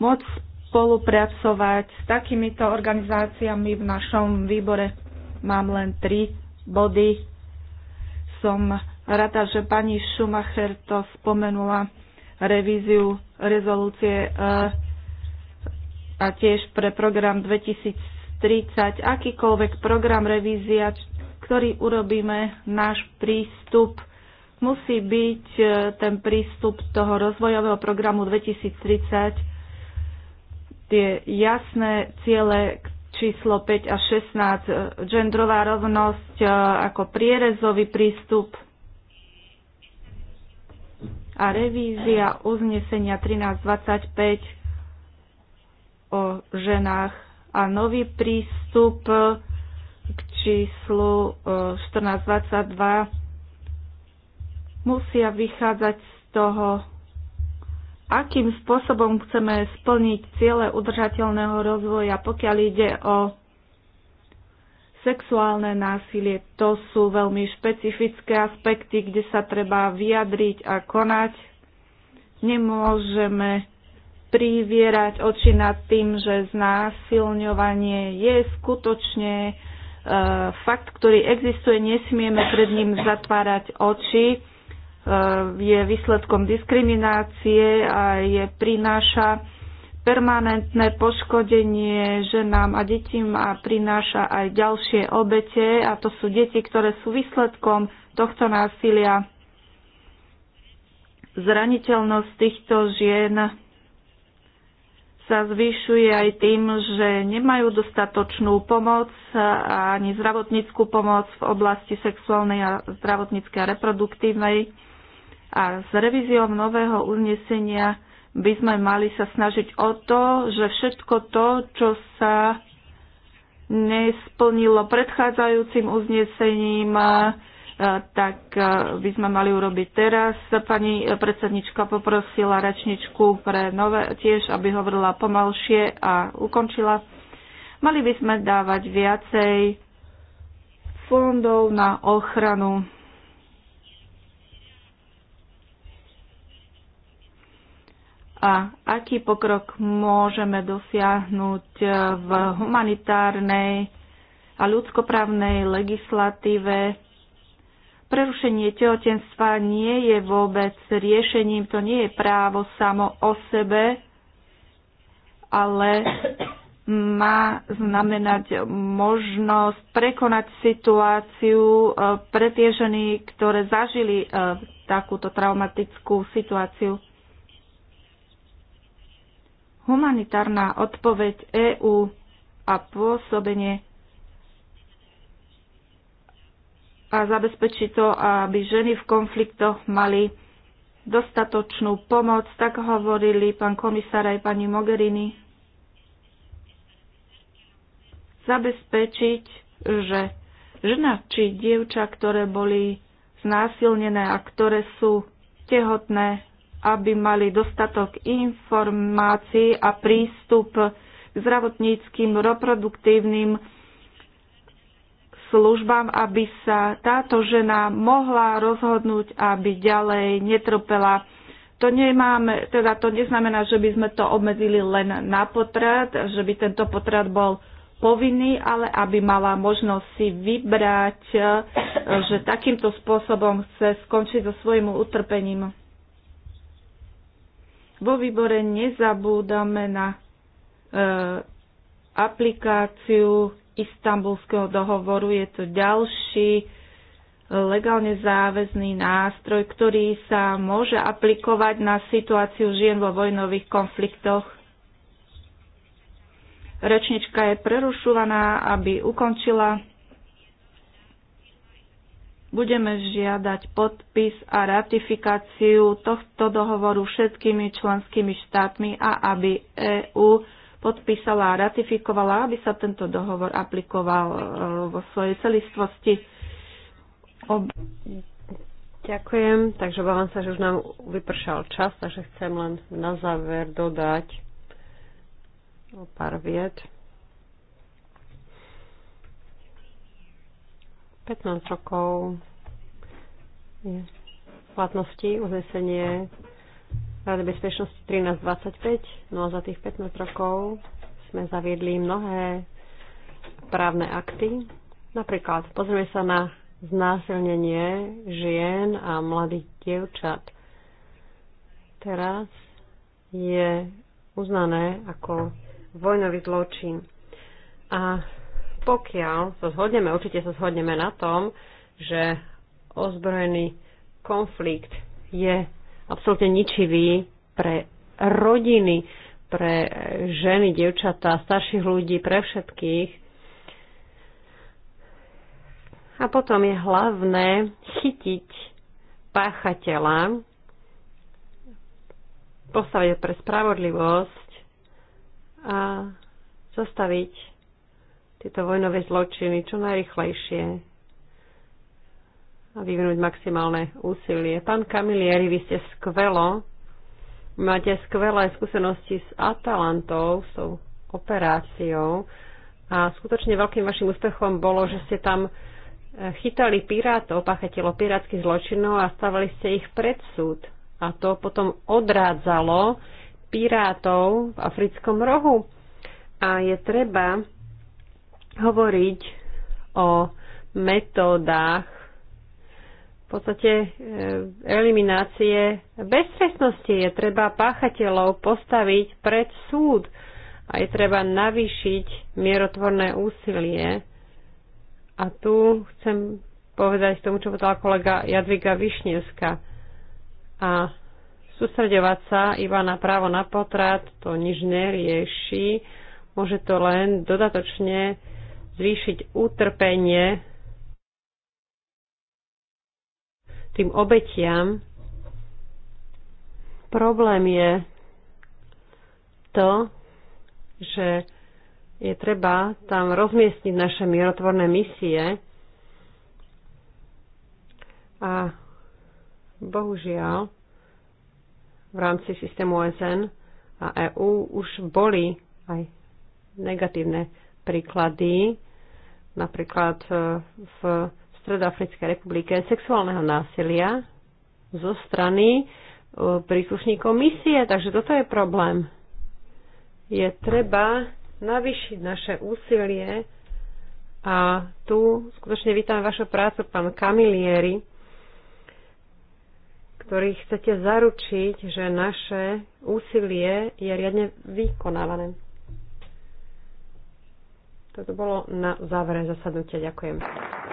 môcť spolupracovať s takýmito organizáciami v našom výbore. Mám len tri body. Som rada, že pani Schumacher to spomenula revíziu rezolúcie eh, a tiež pre program 2000 2030, akýkoľvek program revízia, ktorý urobíme, náš prístup musí byť e, ten prístup toho rozvojového programu 2030, tie jasné ciele číslo 5 a 16, e, genderová rovnosť e, ako prierezový prístup a revízia uznesenia 1325 o ženách a nový prístup k číslu 1422 e, musia vychádzať z toho, akým spôsobom chceme splniť ciele udržateľného rozvoja, pokiaľ ide o sexuálne násilie. To sú veľmi špecifické aspekty, kde sa treba vyjadriť a konať. Nemôžeme privierať oči nad tým, že znásilňovanie je skutočne e, fakt, ktorý existuje, nesmieme pred ním zatvárať oči, e, je výsledkom diskriminácie a je prináša permanentné poškodenie ženám a detím a prináša aj ďalšie obete a to sú deti, ktoré sú výsledkom tohto násilia. Zraniteľnosť týchto žien sa zvyšuje aj tým, že nemajú dostatočnú pomoc ani zdravotníckú pomoc v oblasti sexuálnej a zdravotníckej a reproduktívnej. A s revíziou nového uznesenia by sme mali sa snažiť o to, že všetko to, čo sa nesplnilo predchádzajúcim uznesením, tak by sme mali urobiť teraz. Pani predsednička poprosila rečničku pre nové tiež, aby hovorila pomalšie a ukončila. Mali by sme dávať viacej fondov na ochranu a aký pokrok môžeme dosiahnuť v humanitárnej a ľudskoprávnej legislatíve Prerušenie tehotenstva nie je vôbec riešením, to nie je právo samo o sebe, ale má znamenať možnosť prekonať situáciu e, pre tie ženy, ktoré zažili e, takúto traumatickú situáciu. Humanitárna odpoveď EÚ a pôsobenie a zabezpečí to, aby ženy v konfliktoch mali dostatočnú pomoc, tak hovorili pán komisár aj pani Mogherini. Zabezpečiť, že žena či dievča, ktoré boli znásilnené a ktoré sú tehotné, aby mali dostatok informácií a prístup k zdravotníckým reproduktívnym službám, aby sa táto žena mohla rozhodnúť, aby ďalej netrpela. To nemáme, teda to neznamená, že by sme to obmedzili len na potrat, že by tento potrat bol povinný, ale aby mala možnosť si vybrať, že takýmto spôsobom chce skončiť so svojim utrpením. Vo výbore nezabúdame na e, aplikáciu istambulského dohovoru. Je to ďalší legálne záväzný nástroj, ktorý sa môže aplikovať na situáciu žien vo vojnových konfliktoch. Rečnička je prerušovaná, aby ukončila. Budeme žiadať podpis a ratifikáciu tohto dohovoru všetkými členskými štátmi a aby EÚ podpísala a ratifikovala, aby sa tento dohovor aplikoval e, vo svojej celistvosti. Ob... Ďakujem, takže bávam sa, že už nám vypršal čas, takže chcem len na záver dodať o pár viet. 15 rokov je platnosti uznesenie Rady bezpečnosti 1325. No a za tých 15 rokov sme zaviedli mnohé právne akty. Napríklad pozrieme sa na znásilnenie žien a mladých dievčat. Teraz je uznané ako vojnový zločin. A pokiaľ sa zhodneme, určite sa zhodneme na tom, že ozbrojený konflikt je absolútne ničivý pre rodiny, pre ženy, dievčatá, starších ľudí, pre všetkých. A potom je hlavné chytiť páchateľa, postaviť pre spravodlivosť a zastaviť tieto vojnové zločiny čo najrychlejšie a vyvinúť maximálne úsilie. Pán Kamilieri, vy ste skvelo, máte skvelé skúsenosti s Atalantou, s tou operáciou a skutočne veľkým vašim úspechom bolo, že ste tam e, chytali pirátov, pachateľov pirátskych zločinov a stavali ste ich pred súd. A to potom odrádzalo pirátov v africkom rohu. A je treba hovoriť o metódach v podstate e, eliminácie beztrestnosti. Je treba páchateľov postaviť pred súd a je treba navýšiť mierotvorné úsilie. A tu chcem povedať tomu, čo povedala kolega Jadviga Višnevska. A sústredovať sa iba na právo na potrat, to nič nerieši. Môže to len dodatočne zvýšiť utrpenie tým obetiam. Problém je to, že je treba tam rozmiestniť naše mirotvorné misie a bohužiaľ v rámci systému OSN a EU už boli aj negatívne príklady, napríklad eh, v Stredoafrickej republike sexuálneho násilia zo strany e, príslušníkov misie. Takže toto je problém. Je treba navýšiť naše úsilie a tu skutočne vítam vašu prácu, pán Kamilieri, ktorý chcete zaručiť, že naše úsilie je riadne vykonávané. Toto bolo na závere zasadnutia. Ďakujem.